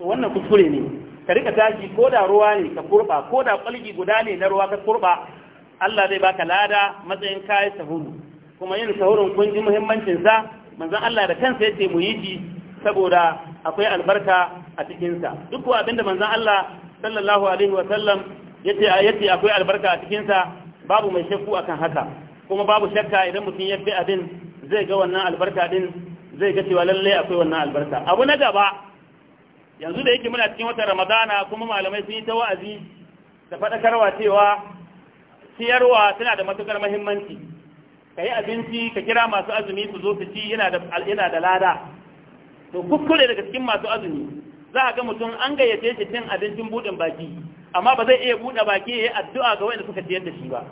to wannan kuskure ne ka rika tashi ko da ruwa ne ka kurba ko da kwalgi guda ne na ruwa ka kurba Allah zai baka lada matsayin kayan sahuru kuma yin sahurun kun ji muhimmancin sa manzon Allah da kansa yace mu yi shi saboda akwai albarka a cikin sa duk abinda manzon Allah sallallahu alaihi wa sallam yace ayati akwai albarka a cikin sa babu mai shakku akan haka kuma babu shakka idan mutum ya bi abin zai ga wannan albarka din zai ga cewa lallai akwai wannan albarka abu na gaba yanzu da yake muna cikin watan ramadana kuma malamai sun yi ta wa'azi da faɗakarwa cewa siyarwa tana da matukar muhimmanci ka yi abinci ka kira masu azumi su zo su ci yana da lada to kuskure daga cikin masu azumi za a ga mutum an gayyace shi cin abincin buɗin baki amma ba zai iya buɗe baki ya yi addu'a ga wanda suka ciyar da shi ba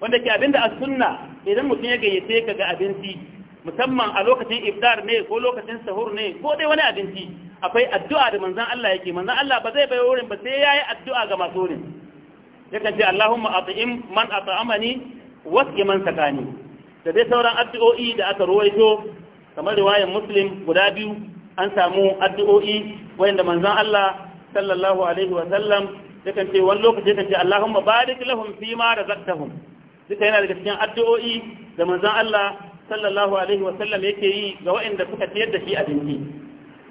wanda ke abinda a sunna idan mutum ya gayyace ka ga abinci musamman a lokacin ibdar ne ko lokacin sahur ne ko dai wani abinci akwai addu'a da manzan Allah yake manzan Allah ba zai bayo wurin ba sai yayi addu'a ga masu wurin yakan ce Allahumma at'im man at'amani wasqi man sakani da dai sauran addu'o'i da aka ruwaito kamar riwayar Muslim guda biyu an samu addu'o'i wayanda manzan Allah sallallahu alaihi wa sallam yakan ce wani lokaci yakan ce Allahumma barik lahum fi ma razaqtahum duka yana daga cikin addu'o'i da manzon Allah sallallahu alaihi wasallam yake yi ga waɗanda suka ciyar da shi abinci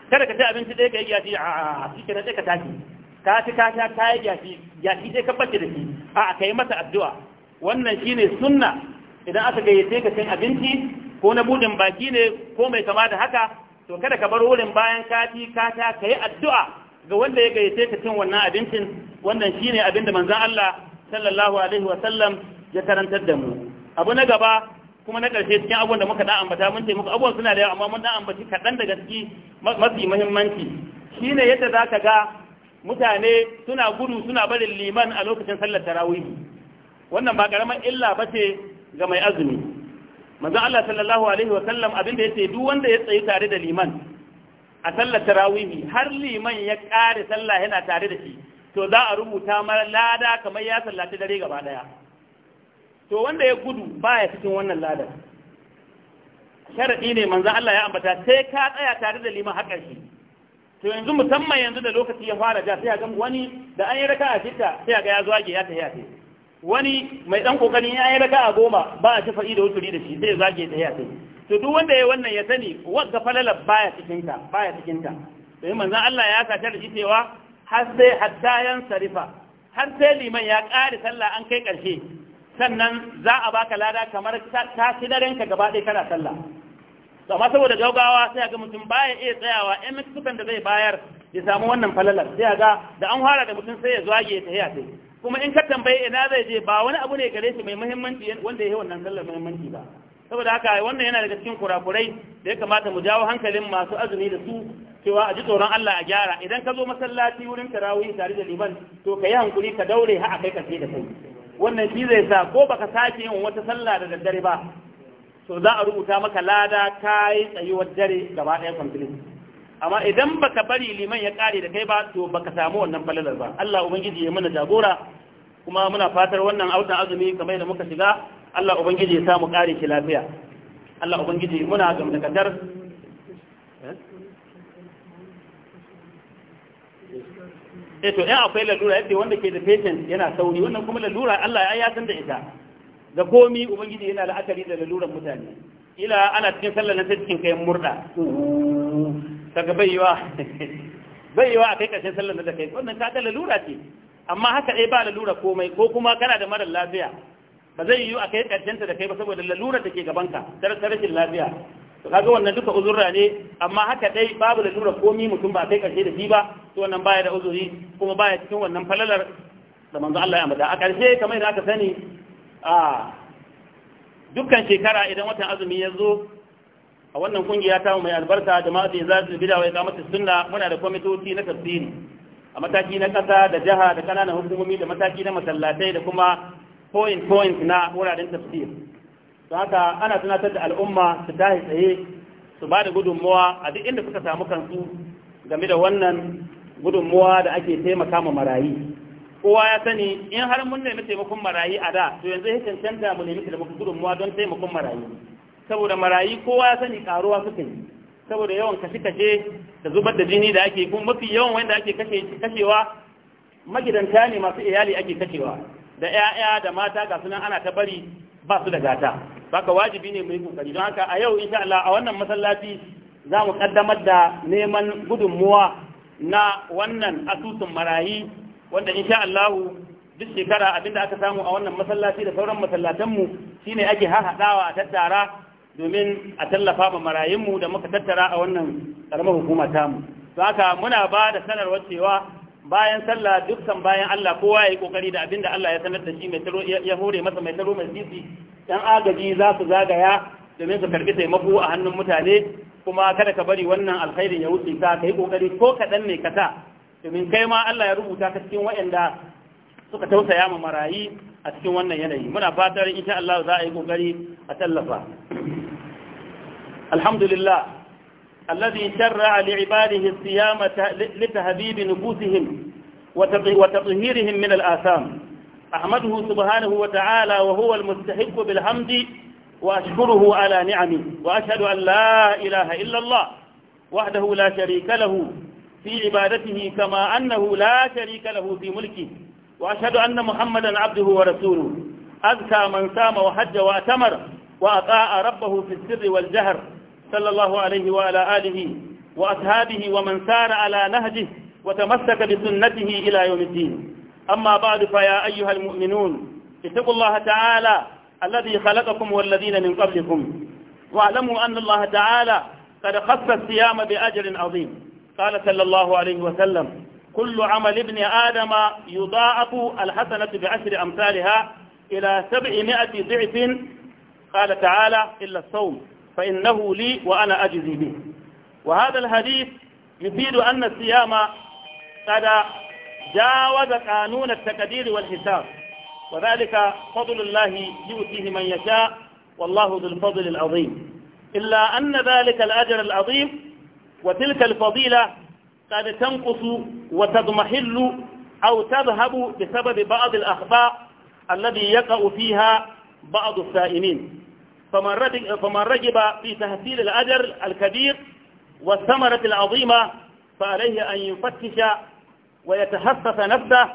kada ka ci abinci ɗaya ka yi yafi a cikin kenan ka tashi ka ci ka sha ka yi yafi yafi ɗaya ka bace da shi a ka yi masa addu'a wannan shi ne sunna idan aka gayyace ka cin abinci ko na budin baki ne ko mai kama da haka to kada ka bar wurin bayan ka ci ka sha ka yi addu'a ga wanda ya gayyace ka cin wannan abincin wannan shi ne abin da manzon Allah sallallahu alaihi wasallam ya karantar da mu abu na gaba kuma na ƙarshe cikin abubuwan da muka da ambata mun ce muku abubuwan suna da yawa amma mun da ambaci kaɗan daga ciki mafi muhimmanci ne yadda za ka ga mutane suna gudu suna barin liman a lokacin sallar tarawih wannan ba ƙaramar illa ba ce ga mai azumi manzo Allah sallallahu alaihi wa sallam abin da yace duk wanda ya tsayi tare da liman a sallar tarawihi har liman ya ƙare sallah yana tare da shi to za a rubuta mara lada kamar ya sallaci dare gaba daya to wanda ya gudu baya cikin wannan ladar sharadi ne manzo Allah ya ambata sai ka tsaya tare da liman haƙar shi to yanzu musamman yanzu da lokaci ya fara ja sai ga wani da an yi raka a fita sai ga ya zage ya ta ya sai. wani mai dan kokarin ya yi raka a goma ba a shafa'i da wuturi da shi sai zage ta ya sai. to duk wanda ya wannan ya sani wanda falalar baya cikin ta baya cikin ta to manzo Allah ya sa da cewa har sai hatta yan sarifa har sai liman ya ƙare sallah an kai ƙarshe sannan za a baka lada kamar ta darenka gaba ɗaya kana sallah amma saboda gaugawa sai ga mutum baya iya tsayawa ɗan mutukan da zai bayar ya samu wannan falalar sai ga da an fara da mutum sai ya zuwa ya tafiya sai kuma in ka tambaye ina zai je ba wani abu ne gare shi mai muhimmanci wanda ya yi wannan sallar muhimmanci ba saboda haka wannan yana daga cikin kurakurai da ya kamata mu jawo hankalin masu azumi da su cewa a ji tsoron Allah a gyara idan ka zo masallaci wurin tarawih tare da liman to ka yi hankuri ka daure har a kai ka sai da kai wannan shi zai sa ko baka sake yin wata sallah da daddare ba so za a rubuta maka lada kai tsayuwar dare gaba ɗaya amma idan baka bari liman ya kare da kai ba to baka samu wannan falalar ba Allah ubangiji ya mana jagora kuma muna fatar wannan autan azumi kamar da muka shiga Allah ubangiji ya samu kare shi lafiya Allah ubangiji muna gamdakatar eto eh, to ɗan akwai lalura yadda wanda ke da patient yana sauri wannan kuma lalura Allah ya san da ita ga komi ubangiji yana la'akari da laluran mutane ila ana cikin sallar na cikin kayan murda daga baiwa baiwa a kai sallar da kai wannan ka ga lalura ce amma haka dai ba lalura komai ko kuma kana da marar lafiya ba zai yi a kai ta da kai ba saboda lalura da ke ka ta rashin lafiya kaga wannan duka uzurra ne amma haka dai babu dura komi mutum ba kai karshe da shi ba to wannan baya da uzuri kuma baya cikin wannan falalar da manzo Allah ya ambata a karshe kamar da aka sani a dukkan shekara idan watan azumi ya zo a wannan kungiya ta mai albarka jama'a da izazul bid'a wa iqamatus sunna muna da kwamitoci na tafsiri a mataki na kasa da jiha da kananan hukumomi da mataki na masallatai da kuma point point na wuraren tafsiri to haka ana tunatar da al'umma su tahi tsaye su ba da gudunmuwa a duk inda suka samu kansu game da wannan gudunmuwa da ake taimaka ma marayi kowa ya sani in har mun nemi taimakon marayi a da to yanzu ya cancanta mu nemi taimakon gudunmuwa don taimakon marayi saboda marayi kowa ya sani karuwa suka yi saboda yawan kashe-kashe da zubar da jini da ake kuma mafi yawan wanda ake kashewa magidanta ne masu iyali ake kashewa da 'ya'ya da mata ga sunan ana ta bari ba su da gata baka wajibi ne mu yi kokari don haka a yau insha Allah a wannan masallaci za mu kaddamar da neman gudunmuwa na wannan asusun marayi wanda insha Allah duk shekara abinda aka samu a wannan masallaci da sauran masallatanmu shine ake haɗawa a tattara domin a tallafa ma marayunmu da muka tattara a wannan karamar hukuma don haka muna ba da sanarwar cewa bayan sallah dukkan bayan Allah kowa ya yi kokari da abinda Allah ya sanar da shi mai ya hore masa mai taro mai sisi ɗan agaji za su zagaya domin su karbi taimako a hannun mutane kuma kada ka bari wannan alkhairin ya wuce ka ka yi ƙoƙari ko kaɗan ne ka sa domin kai ma Allah ya rubuta ka cikin waɗanda suka tausaya ma marayi a cikin wannan yanayi muna fatar insha Allah za a yi ƙoƙari a tallafa alhamdulillah alladhi shar'a li ibadihi as-siyama li tahbibi nufusihim min asam أحمده سبحانه وتعالى وهو المستحق بالحمد وأشكره على نعمه وأشهد أن لا إله إلا الله وحده لا شريك له في عبادته كما أنه لا شريك له في ملكه وأشهد أن محمدا عبده ورسوله أذكى من سام وحج وأتمر وأطاع ربه في السر والجهر صلى الله عليه وعلى آله وأصحابه ومن سار على نهجه وتمسك بسنته إلى يوم الدين أما بعد فيا أيها المؤمنون اتقوا الله تعالى الذي خلقكم والذين من قبلكم واعلموا أن الله تعالى قد خص الصيام بأجر عظيم قال صلى الله عليه وسلم كل عمل ابن آدم يضاعف الحسنة بعشر أمثالها إلى سبعمائة ضعف قال تعالى إلا الصوم فإنه لي وأنا أجزي به وهذا الحديث يفيد أن الصيام قد جاوز قانون التقدير والحساب وذلك فضل الله يؤتيه من يشاء والله ذو الفضل العظيم إلا أن ذلك الأجر العظيم وتلك الفضيلة قد تنقص وتضمحل أو تذهب بسبب بعض الأخطاء الذي يقع فيها بعض السائمين فمن رجب في تهسيل الأجر الكبير والثمرة العظيمة فعليه أن يفتش ويتحسس نفسه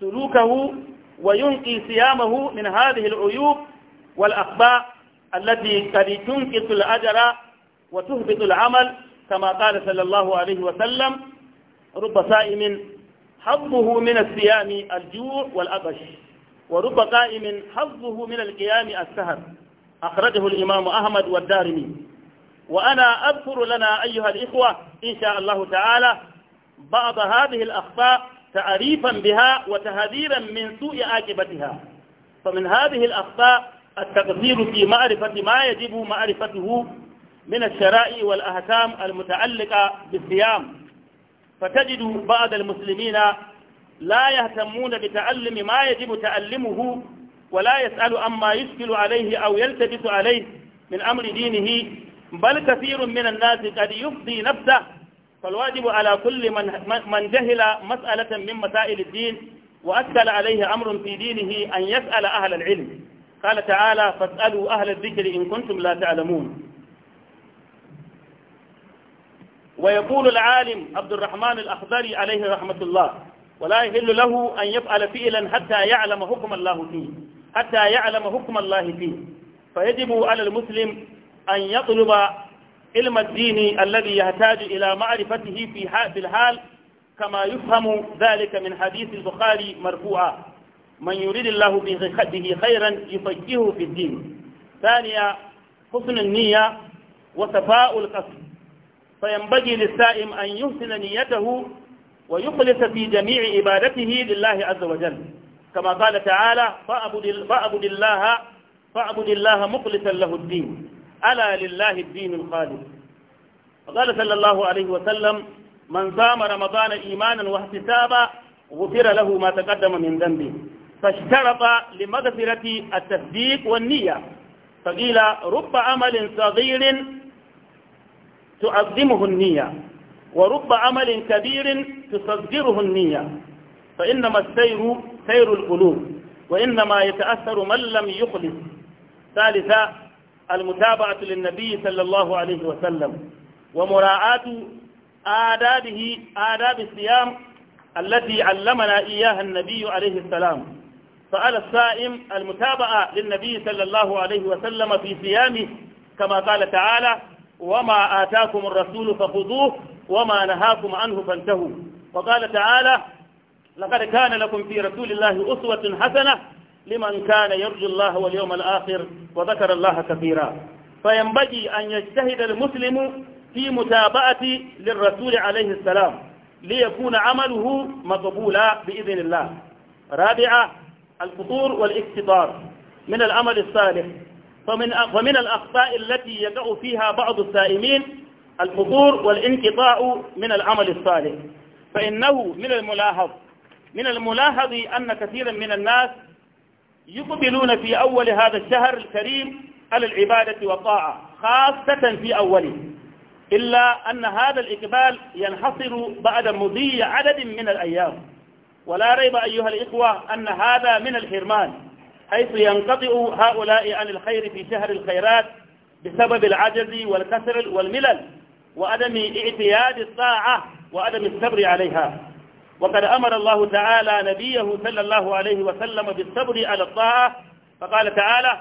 سلوكه وينقي صيامه من هذه العيوب والأخباء التي قد تنقص الأجر وتهبط العمل كما قال صلى الله عليه وسلم رب صائم حظه من الصيام الجوع والعطش ورب قائم حظه من القيام السهر أخرجه الإمام أحمد والدارمي وأنا أذكر لنا أيها الإخوة إن شاء الله تعالى بعض هذه الأخطاء تعريفا بها وتهذيرا من سوء عاقبتها فمن هذه الأخطاء التقصير في معرفة ما يجب معرفته من الشرائع والأحكام المتعلقة بالصيام فتجد بعض المسلمين لا يهتمون بتعلم ما يجب تعلمه ولا يسأل عما يشكل عليه أو يلتبس عليه من أمر دينه بل كثير من الناس قد يفضي نفسه فالواجب على كل من, من جهل مسألة من مسائل الدين وأثقل عليه أمر في دينه أن يسأل أهل العلم قال تعالى فاسألوا أهل الذكر إن كنتم لا تعلمون ويقول العالم عبد الرحمن الأخضري عليه رحمة الله ولا يهل له أن يفعل فعلا حتى يعلم حكم الله فيه حتى يعلم حكم الله فيه فيجب على المسلم أن يطلب علم الدين الذي يحتاج إلى معرفته في الحال كما يفهم ذلك من حديث البخاري مرفوعا من يريد الله به خيرا يفقهه في الدين ثانيا حسن النية وصفاء القصد فينبغي للسائم أن يحسن نيته ويخلص في جميع عبادته لله عز وجل كما قال تعالى فاعبد الله فاعبد الله مخلصا له الدين ألا لله الدين الخالص وقال صلى الله عليه وسلم من صام رمضان إيمانا واحتسابا غفر له ما تقدم من ذنبه فاشترط لمغفرة التصديق والنية فقيل رب عمل صغير تعظمه النية ورب عمل كبير تصدره النية فإنما السير سير القلوب وإنما يتأثر من لم يخلص ثالثا المتابعة للنبي صلى الله عليه وسلم ومراعاة آدابه آداب الصيام التي علمنا إياها النبي عليه السلام فعلى الصائم المتابعة للنبي صلى الله عليه وسلم في صيامه كما قال تعالى وما آتاكم الرسول فخذوه وما نهاكم عنه فانتهوا وقال تعالى لقد كان لكم في رسول الله أسوة حسنة لمن كان يرجو الله واليوم الآخر وذكر الله كثيرا فينبغي أن يجتهد المسلم في متابعة للرسول عليه السلام ليكون عمله مقبولا بإذن الله رابعة الفطور والاكتطار من العمل الصالح فمن ومن الأخطاء التي يقع فيها بعض السائمين الفطور والانقطاع من العمل الصالح فإنه من الملاحظ من الملاحظ أن كثيرا من الناس يقبلون في أول هذا الشهر الكريم على العبادة والطاعة خاصة في أوله إلا أن هذا الإقبال ينحصر بعد مضي عدد من الأيام ولا ريب أيها الإخوة أن هذا من الحرمان حيث ينقطع هؤلاء عن الخير في شهر الخيرات بسبب العجز والكسر والملل وعدم اعتياد الطاعة وعدم الصبر عليها وقد أمر الله تعالى نبيه صلى الله عليه وسلم بالصبر على الطاعة فقال تعالى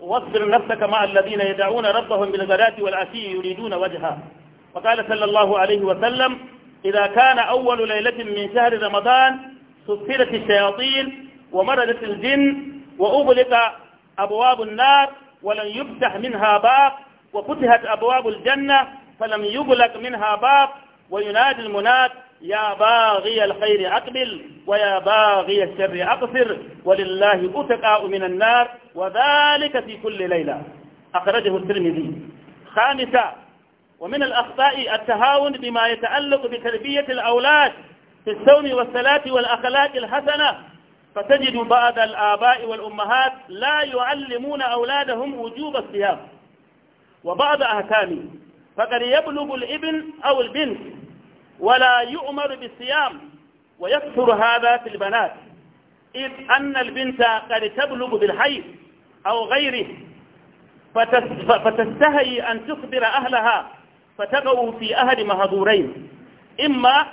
واصبر نفسك مع الذين يدعون ربهم بالغداة والعشي يريدون وجهه وقال صلى الله عليه وسلم إذا كان أول ليلة من شهر رمضان سفرت الشياطين ومردت الجن وأغلق أبواب النار ولم يفتح منها باب وفتحت أبواب الجنة فلم يغلق منها باب وينادي المناد يا باغي الخير أقبل ويا باغي الشر أقصر ولله أتقاء من النار وذلك في كل ليلة أخرجه الترمذي خامسا ومن الأخطاء التهاون بما يتعلق بتربية الأولاد في الصوم والصلاة والأخلاق الحسنة فتجد بعض الآباء والأمهات لا يعلمون أولادهم وجوب الصيام وبعض أحكامه فقد يبلغ الابن أو البنت ولا يؤمر بالصيام ويكثر هذا في البنات إذ أن البنت قد تبلغ بالحي أو غيره فتستهي أن تخبر أهلها فتقع في أهل مهضورين إما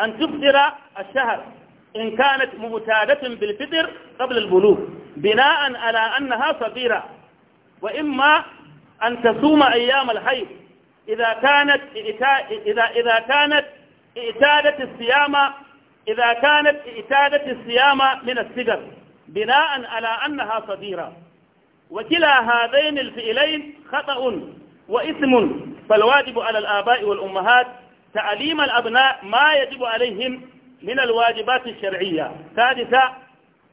أن تفطر الشهر إن كانت معتادة بالفطر قبل البلوغ بناء على أنها صغيرة وإما أن تصوم أيام الحي إذا كانت إذا إذا كانت إتادة الصيام إذا كانت إتادة الصيام من السجر بناء على أنها صديرة وكلا هذين الفئلين خطأ وإثم فالواجب على الآباء والأمهات تعليم الأبناء ما يجب عليهم من الواجبات الشرعية ثالثا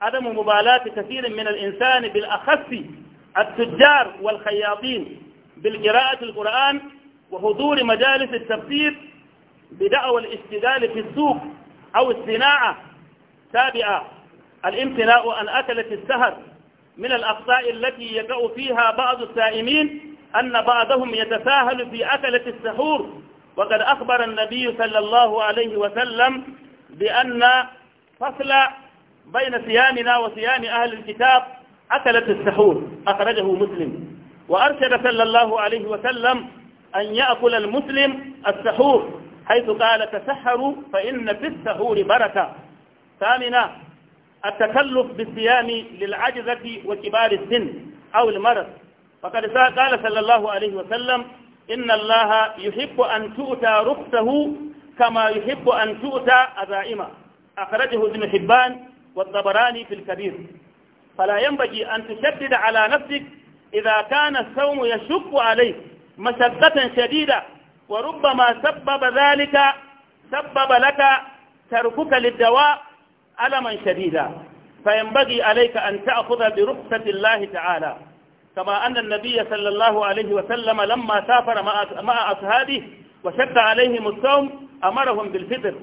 عدم مبالاة كثير من الإنسان بالأخص التجار والخياطين بالقراءة القرآن وحضور مجالس التفسير بدعوى الاشتغال في السوق أو الصناعة تابعة الامتناء عن أكلة السهر من الأخطاء التي يقع فيها بعض السائمين أن بعضهم يتساهل في أكلة السحور وقد أخبر النبي صلى الله عليه وسلم بأن فصل بين صيامنا وصيام أهل الكتاب أكلة السحور أخرجه مسلم وأرشد صلى الله عليه وسلم أن يأكل المسلم السحور حيث قال تسحروا فإن في السهور بركة ثامنا التكلف بالصيام للعجزة وكبار السن أو المرض فقد قال صلى الله عليه وسلم إن الله يحب أن تؤتى رخصه كما يحب أن تؤتى أزائمه أخرجه ابن حبان والطبراني في الكبير فلا ينبغي أن تشدد على نفسك إذا كان الصوم يشق عليك مشقة شديدة وربما سبب ذلك سبب لك تركك للدواء ألما شديدا فينبغي عليك أن تأخذ برخصة الله تعالى كما أن النبي صلى الله عليه وسلم لما سافر مع أصحابه وشد عليهم الصوم أمرهم بالفطر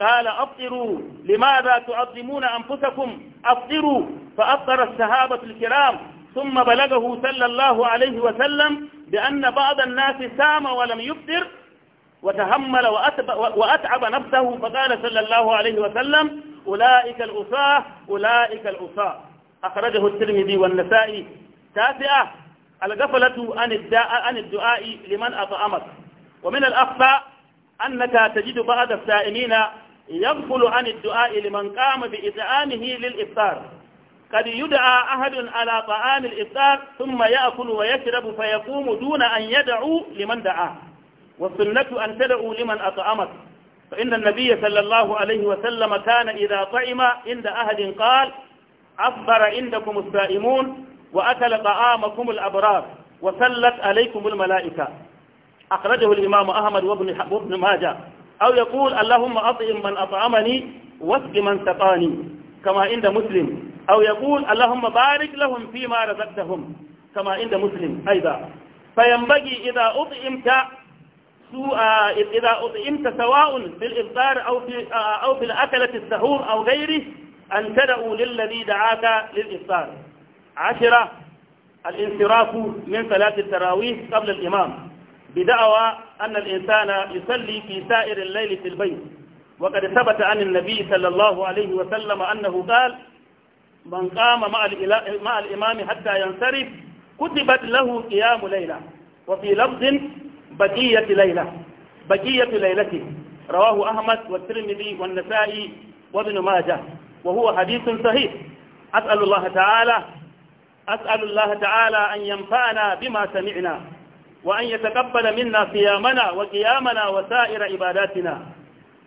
قال أفطروا لماذا تعظمون أنفسكم أفطروا فأفطر الصحابة الكرام ثم بلغه صلى الله عليه وسلم بأن بعض الناس سام ولم يفطر وتهمل وأتعب نفسه فقال صلى الله عليه وسلم أولئك العصاة أولئك العصاة أخرجه الترمذي والنسائي تاسعة الغفلة عن الدعاء لمن أطعمك ومن الأخفى أنك تجد بعض السائمين يغفل عن الدعاء لمن قام بإطعامه للإفطار قد يدعى أحد على طعام الإفطار ثم يأكل ويشرب فيقوم دون أن يدعو لمن دعاه والسنة أن تدعو لمن أطعمك فإن النبي صلى الله عليه وسلم كان إذا طعم عند أحد قال عبر عندكم السائمون وأكل طعامكم الأبرار وسلت عليكم الملائكة أخرجه الإمام أحمد وابن, وابن ماجه أو يقول اللهم أطعم من أطعمني واسق من سقاني كما عند مسلم أو يقول اللهم بارك لهم فيما رزقتهم كما عند مسلم أيضا فينبغي إذا أطعمت سوء إذا أطعمت سواء بالإفطار أو في أو في الأكلة السهور أو غيره أن تدعو للذي دعاك للإفطار عشرة الانصراف من صلاة التراويح قبل الإمام بدعوى أن الإنسان يصلي في سائر الليل في البيت وقد ثبت عن النبي صلى الله عليه وسلم أنه قال من قام مع الإمام حتى ينصرف كتبت له قيام ليلة وفي لفظ بقية ليلة بقية ليلته رواه أحمد والترمذي والنسائي وابن ماجه وهو حديث صحيح أسأل الله تعالى أسأل الله تعالى أن ينفعنا بما سمعنا وأن يتقبل منا صيامنا وقيامنا وسائر عباداتنا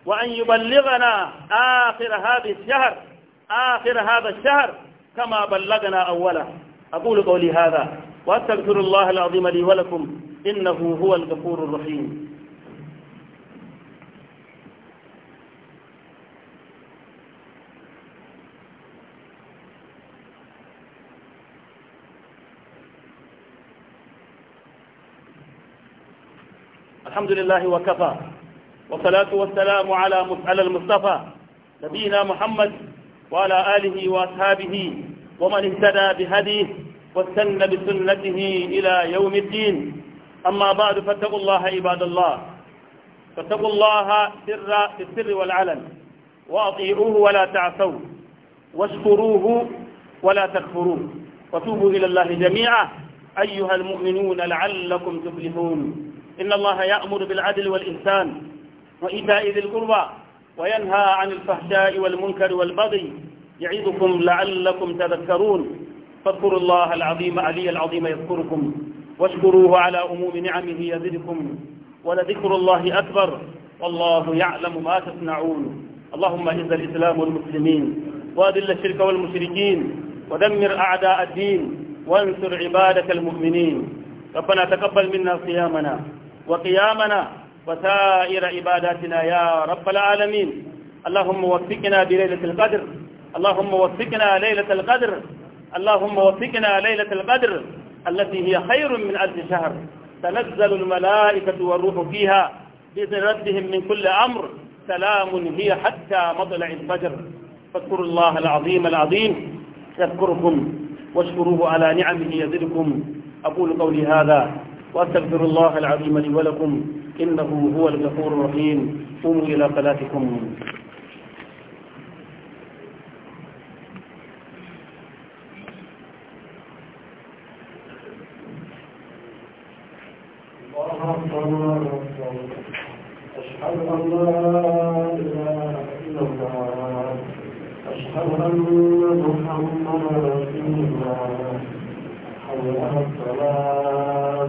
وأن يبلغنا آخر هذا الشهر آخر هذا الشهر كما بلغنا أوله أقول قولي هذا وأستغفر الله العظيم لي ولكم إنه هو الغفور الرحيم الحمد لله وكفى والصلاة والسلام على مسأل المصطفى نبينا محمد وعلى آله وأصحابه ومن اهتدى بهديه واستنى بسنته إلى يوم الدين أما بعد فاتقوا الله عباد الله فاتقوا الله سر في السر والعلن وأطيعوه ولا تعصوه واشكروه ولا تكفروه وتوبوا إلى الله جميعا أيها المؤمنون لعلكم تفلحون إن الله يأمر بالعدل والإحسان وإيتاء ذي القربى وينهى عن الفحشاء والمنكر والبغي يعظكم لعلكم تذكرون فاذكروا الله العظيم علي العظيم يذكركم واشكروه على أموم نعمه يزدكم ولذكر الله أكبر والله يعلم ما تصنعون اللهم إذ الإسلام والمسلمين وأذل الشرك والمشركين ودمر أعداء الدين وانصر عبادك المؤمنين ربنا تقبل منا صيامنا وقيامنا وسائر عباداتنا يا رب العالمين اللهم وفقنا بليلة القدر اللهم وفقنا ليلة القدر اللهم وفقنا ليلة القدر التي هي خير من ألف شهر تنزل الملائكة والروح فيها بإذن ربهم من كل أمر سلام هي حتى مطلع الفجر فاذكروا الله العظيم العظيم يذكركم واشكروه على نعمه يزدكم أقول قولي هذا وأستغفر الله العظيم لي ولكم إنه هو الغفور الرحيم قوموا إلى صلاتكم أشهد أن لا إله إلا الله أشهد أن رسول الله الصلاة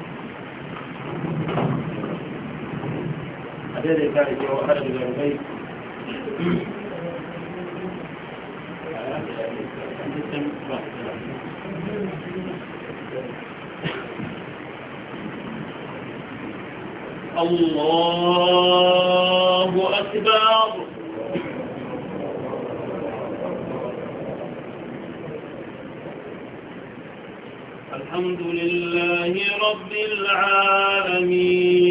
البيت الله أكبر الحمد لله رب العالمين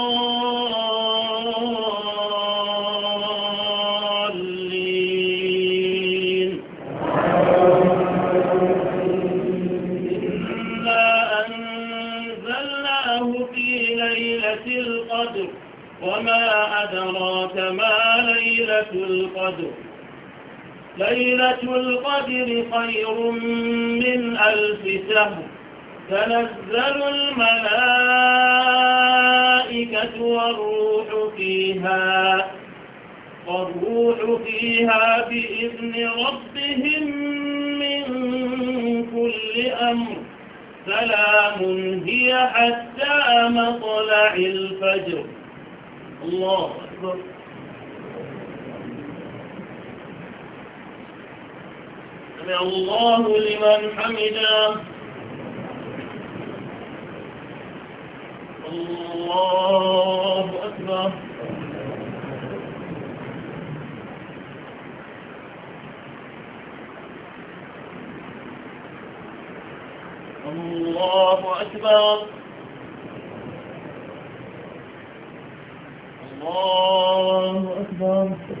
القدر ليلة القدر خير من ألف سهر تنزل الملائكة والروح فيها والروح فيها بإذن ربهم من كل أمر سلام هي حتى مطلع الفجر الله أكبر الله لمن حمده الله أكبر الله أكبر الله أكبر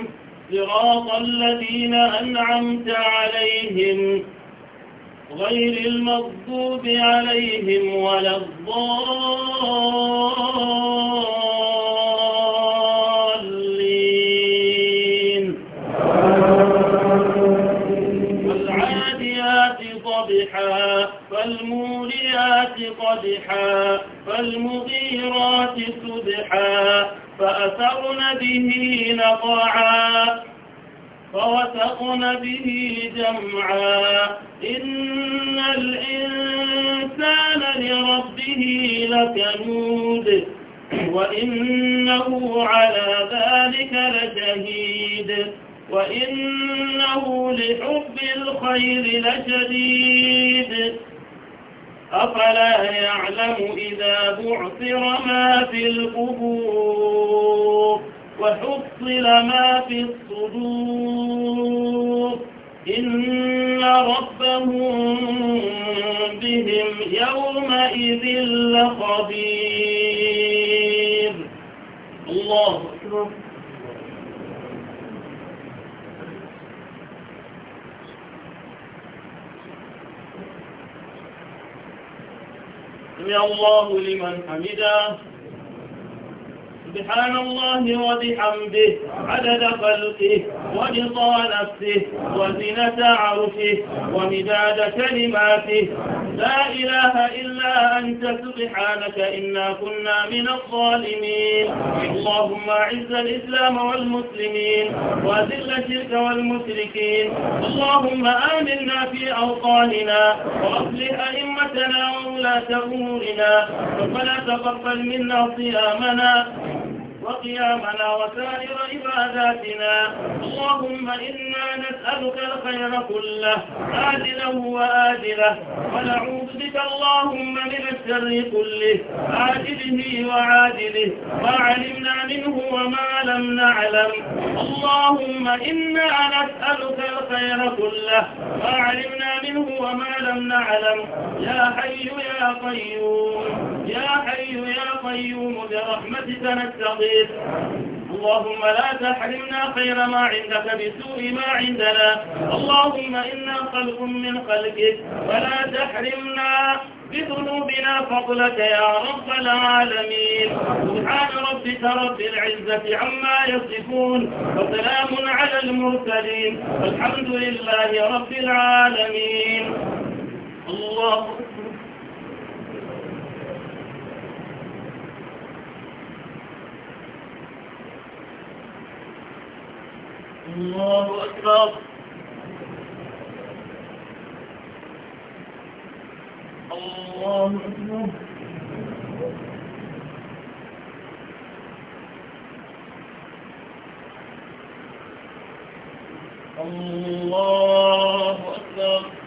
صراط الذين أنعمت عليهم غير المغضوب عليهم ولا الضالين والعاديات ضبحا فالموريات قدحا فالمغيرات سبحا فأثرن به نقعا فوثقن به جمعا إن الإنسان لربه لكنود وإنه على ذلك لشهيد وإنه لحب الخير لشديد أفلا يعلم إذا بعثر ما في القبور وحصل ما في الصدور إن ربهم بهم يومئذ لخبير الله أكبر سمع الله لمن حمده سبحان الله وبحمده عدد خلقه ورضا نفسه وزنة عرشه ومداد كلماته لا إله إلا أنت سبحانك إنا كنا من الظالمين اللهم أعز الإسلام والمسلمين وأذل الشرك والمشركين اللهم آمنا في أوطاننا وأصلح أئمتنا وولاة أمورنا ربنا تقبل منا صيامنا وقيامنا وسائر عباداتنا اللهم إنا نسألك الخير كله آجله وآجله ونعوذ بك اللهم من الشر كله آجله وعاجله ما علمنا منه وما لم نعلم اللهم إنا نسألك الخير كله ما علمنا منه وما لم نعلم يا حي يا قيوم يا حي يا قيوم برحمتك نستغيث اللهم لا تحرمنا خير ما عندك بسوء ما عندنا اللهم إنا خلق من خلقك فلا تحرمنا بذنوبنا فضلك يا رب العالمين سبحان ربك رب العزة عما يصفون وسلام على المرسلين والحمد لله رب العالمين الله الله أكبر الله أكبر الله أكبر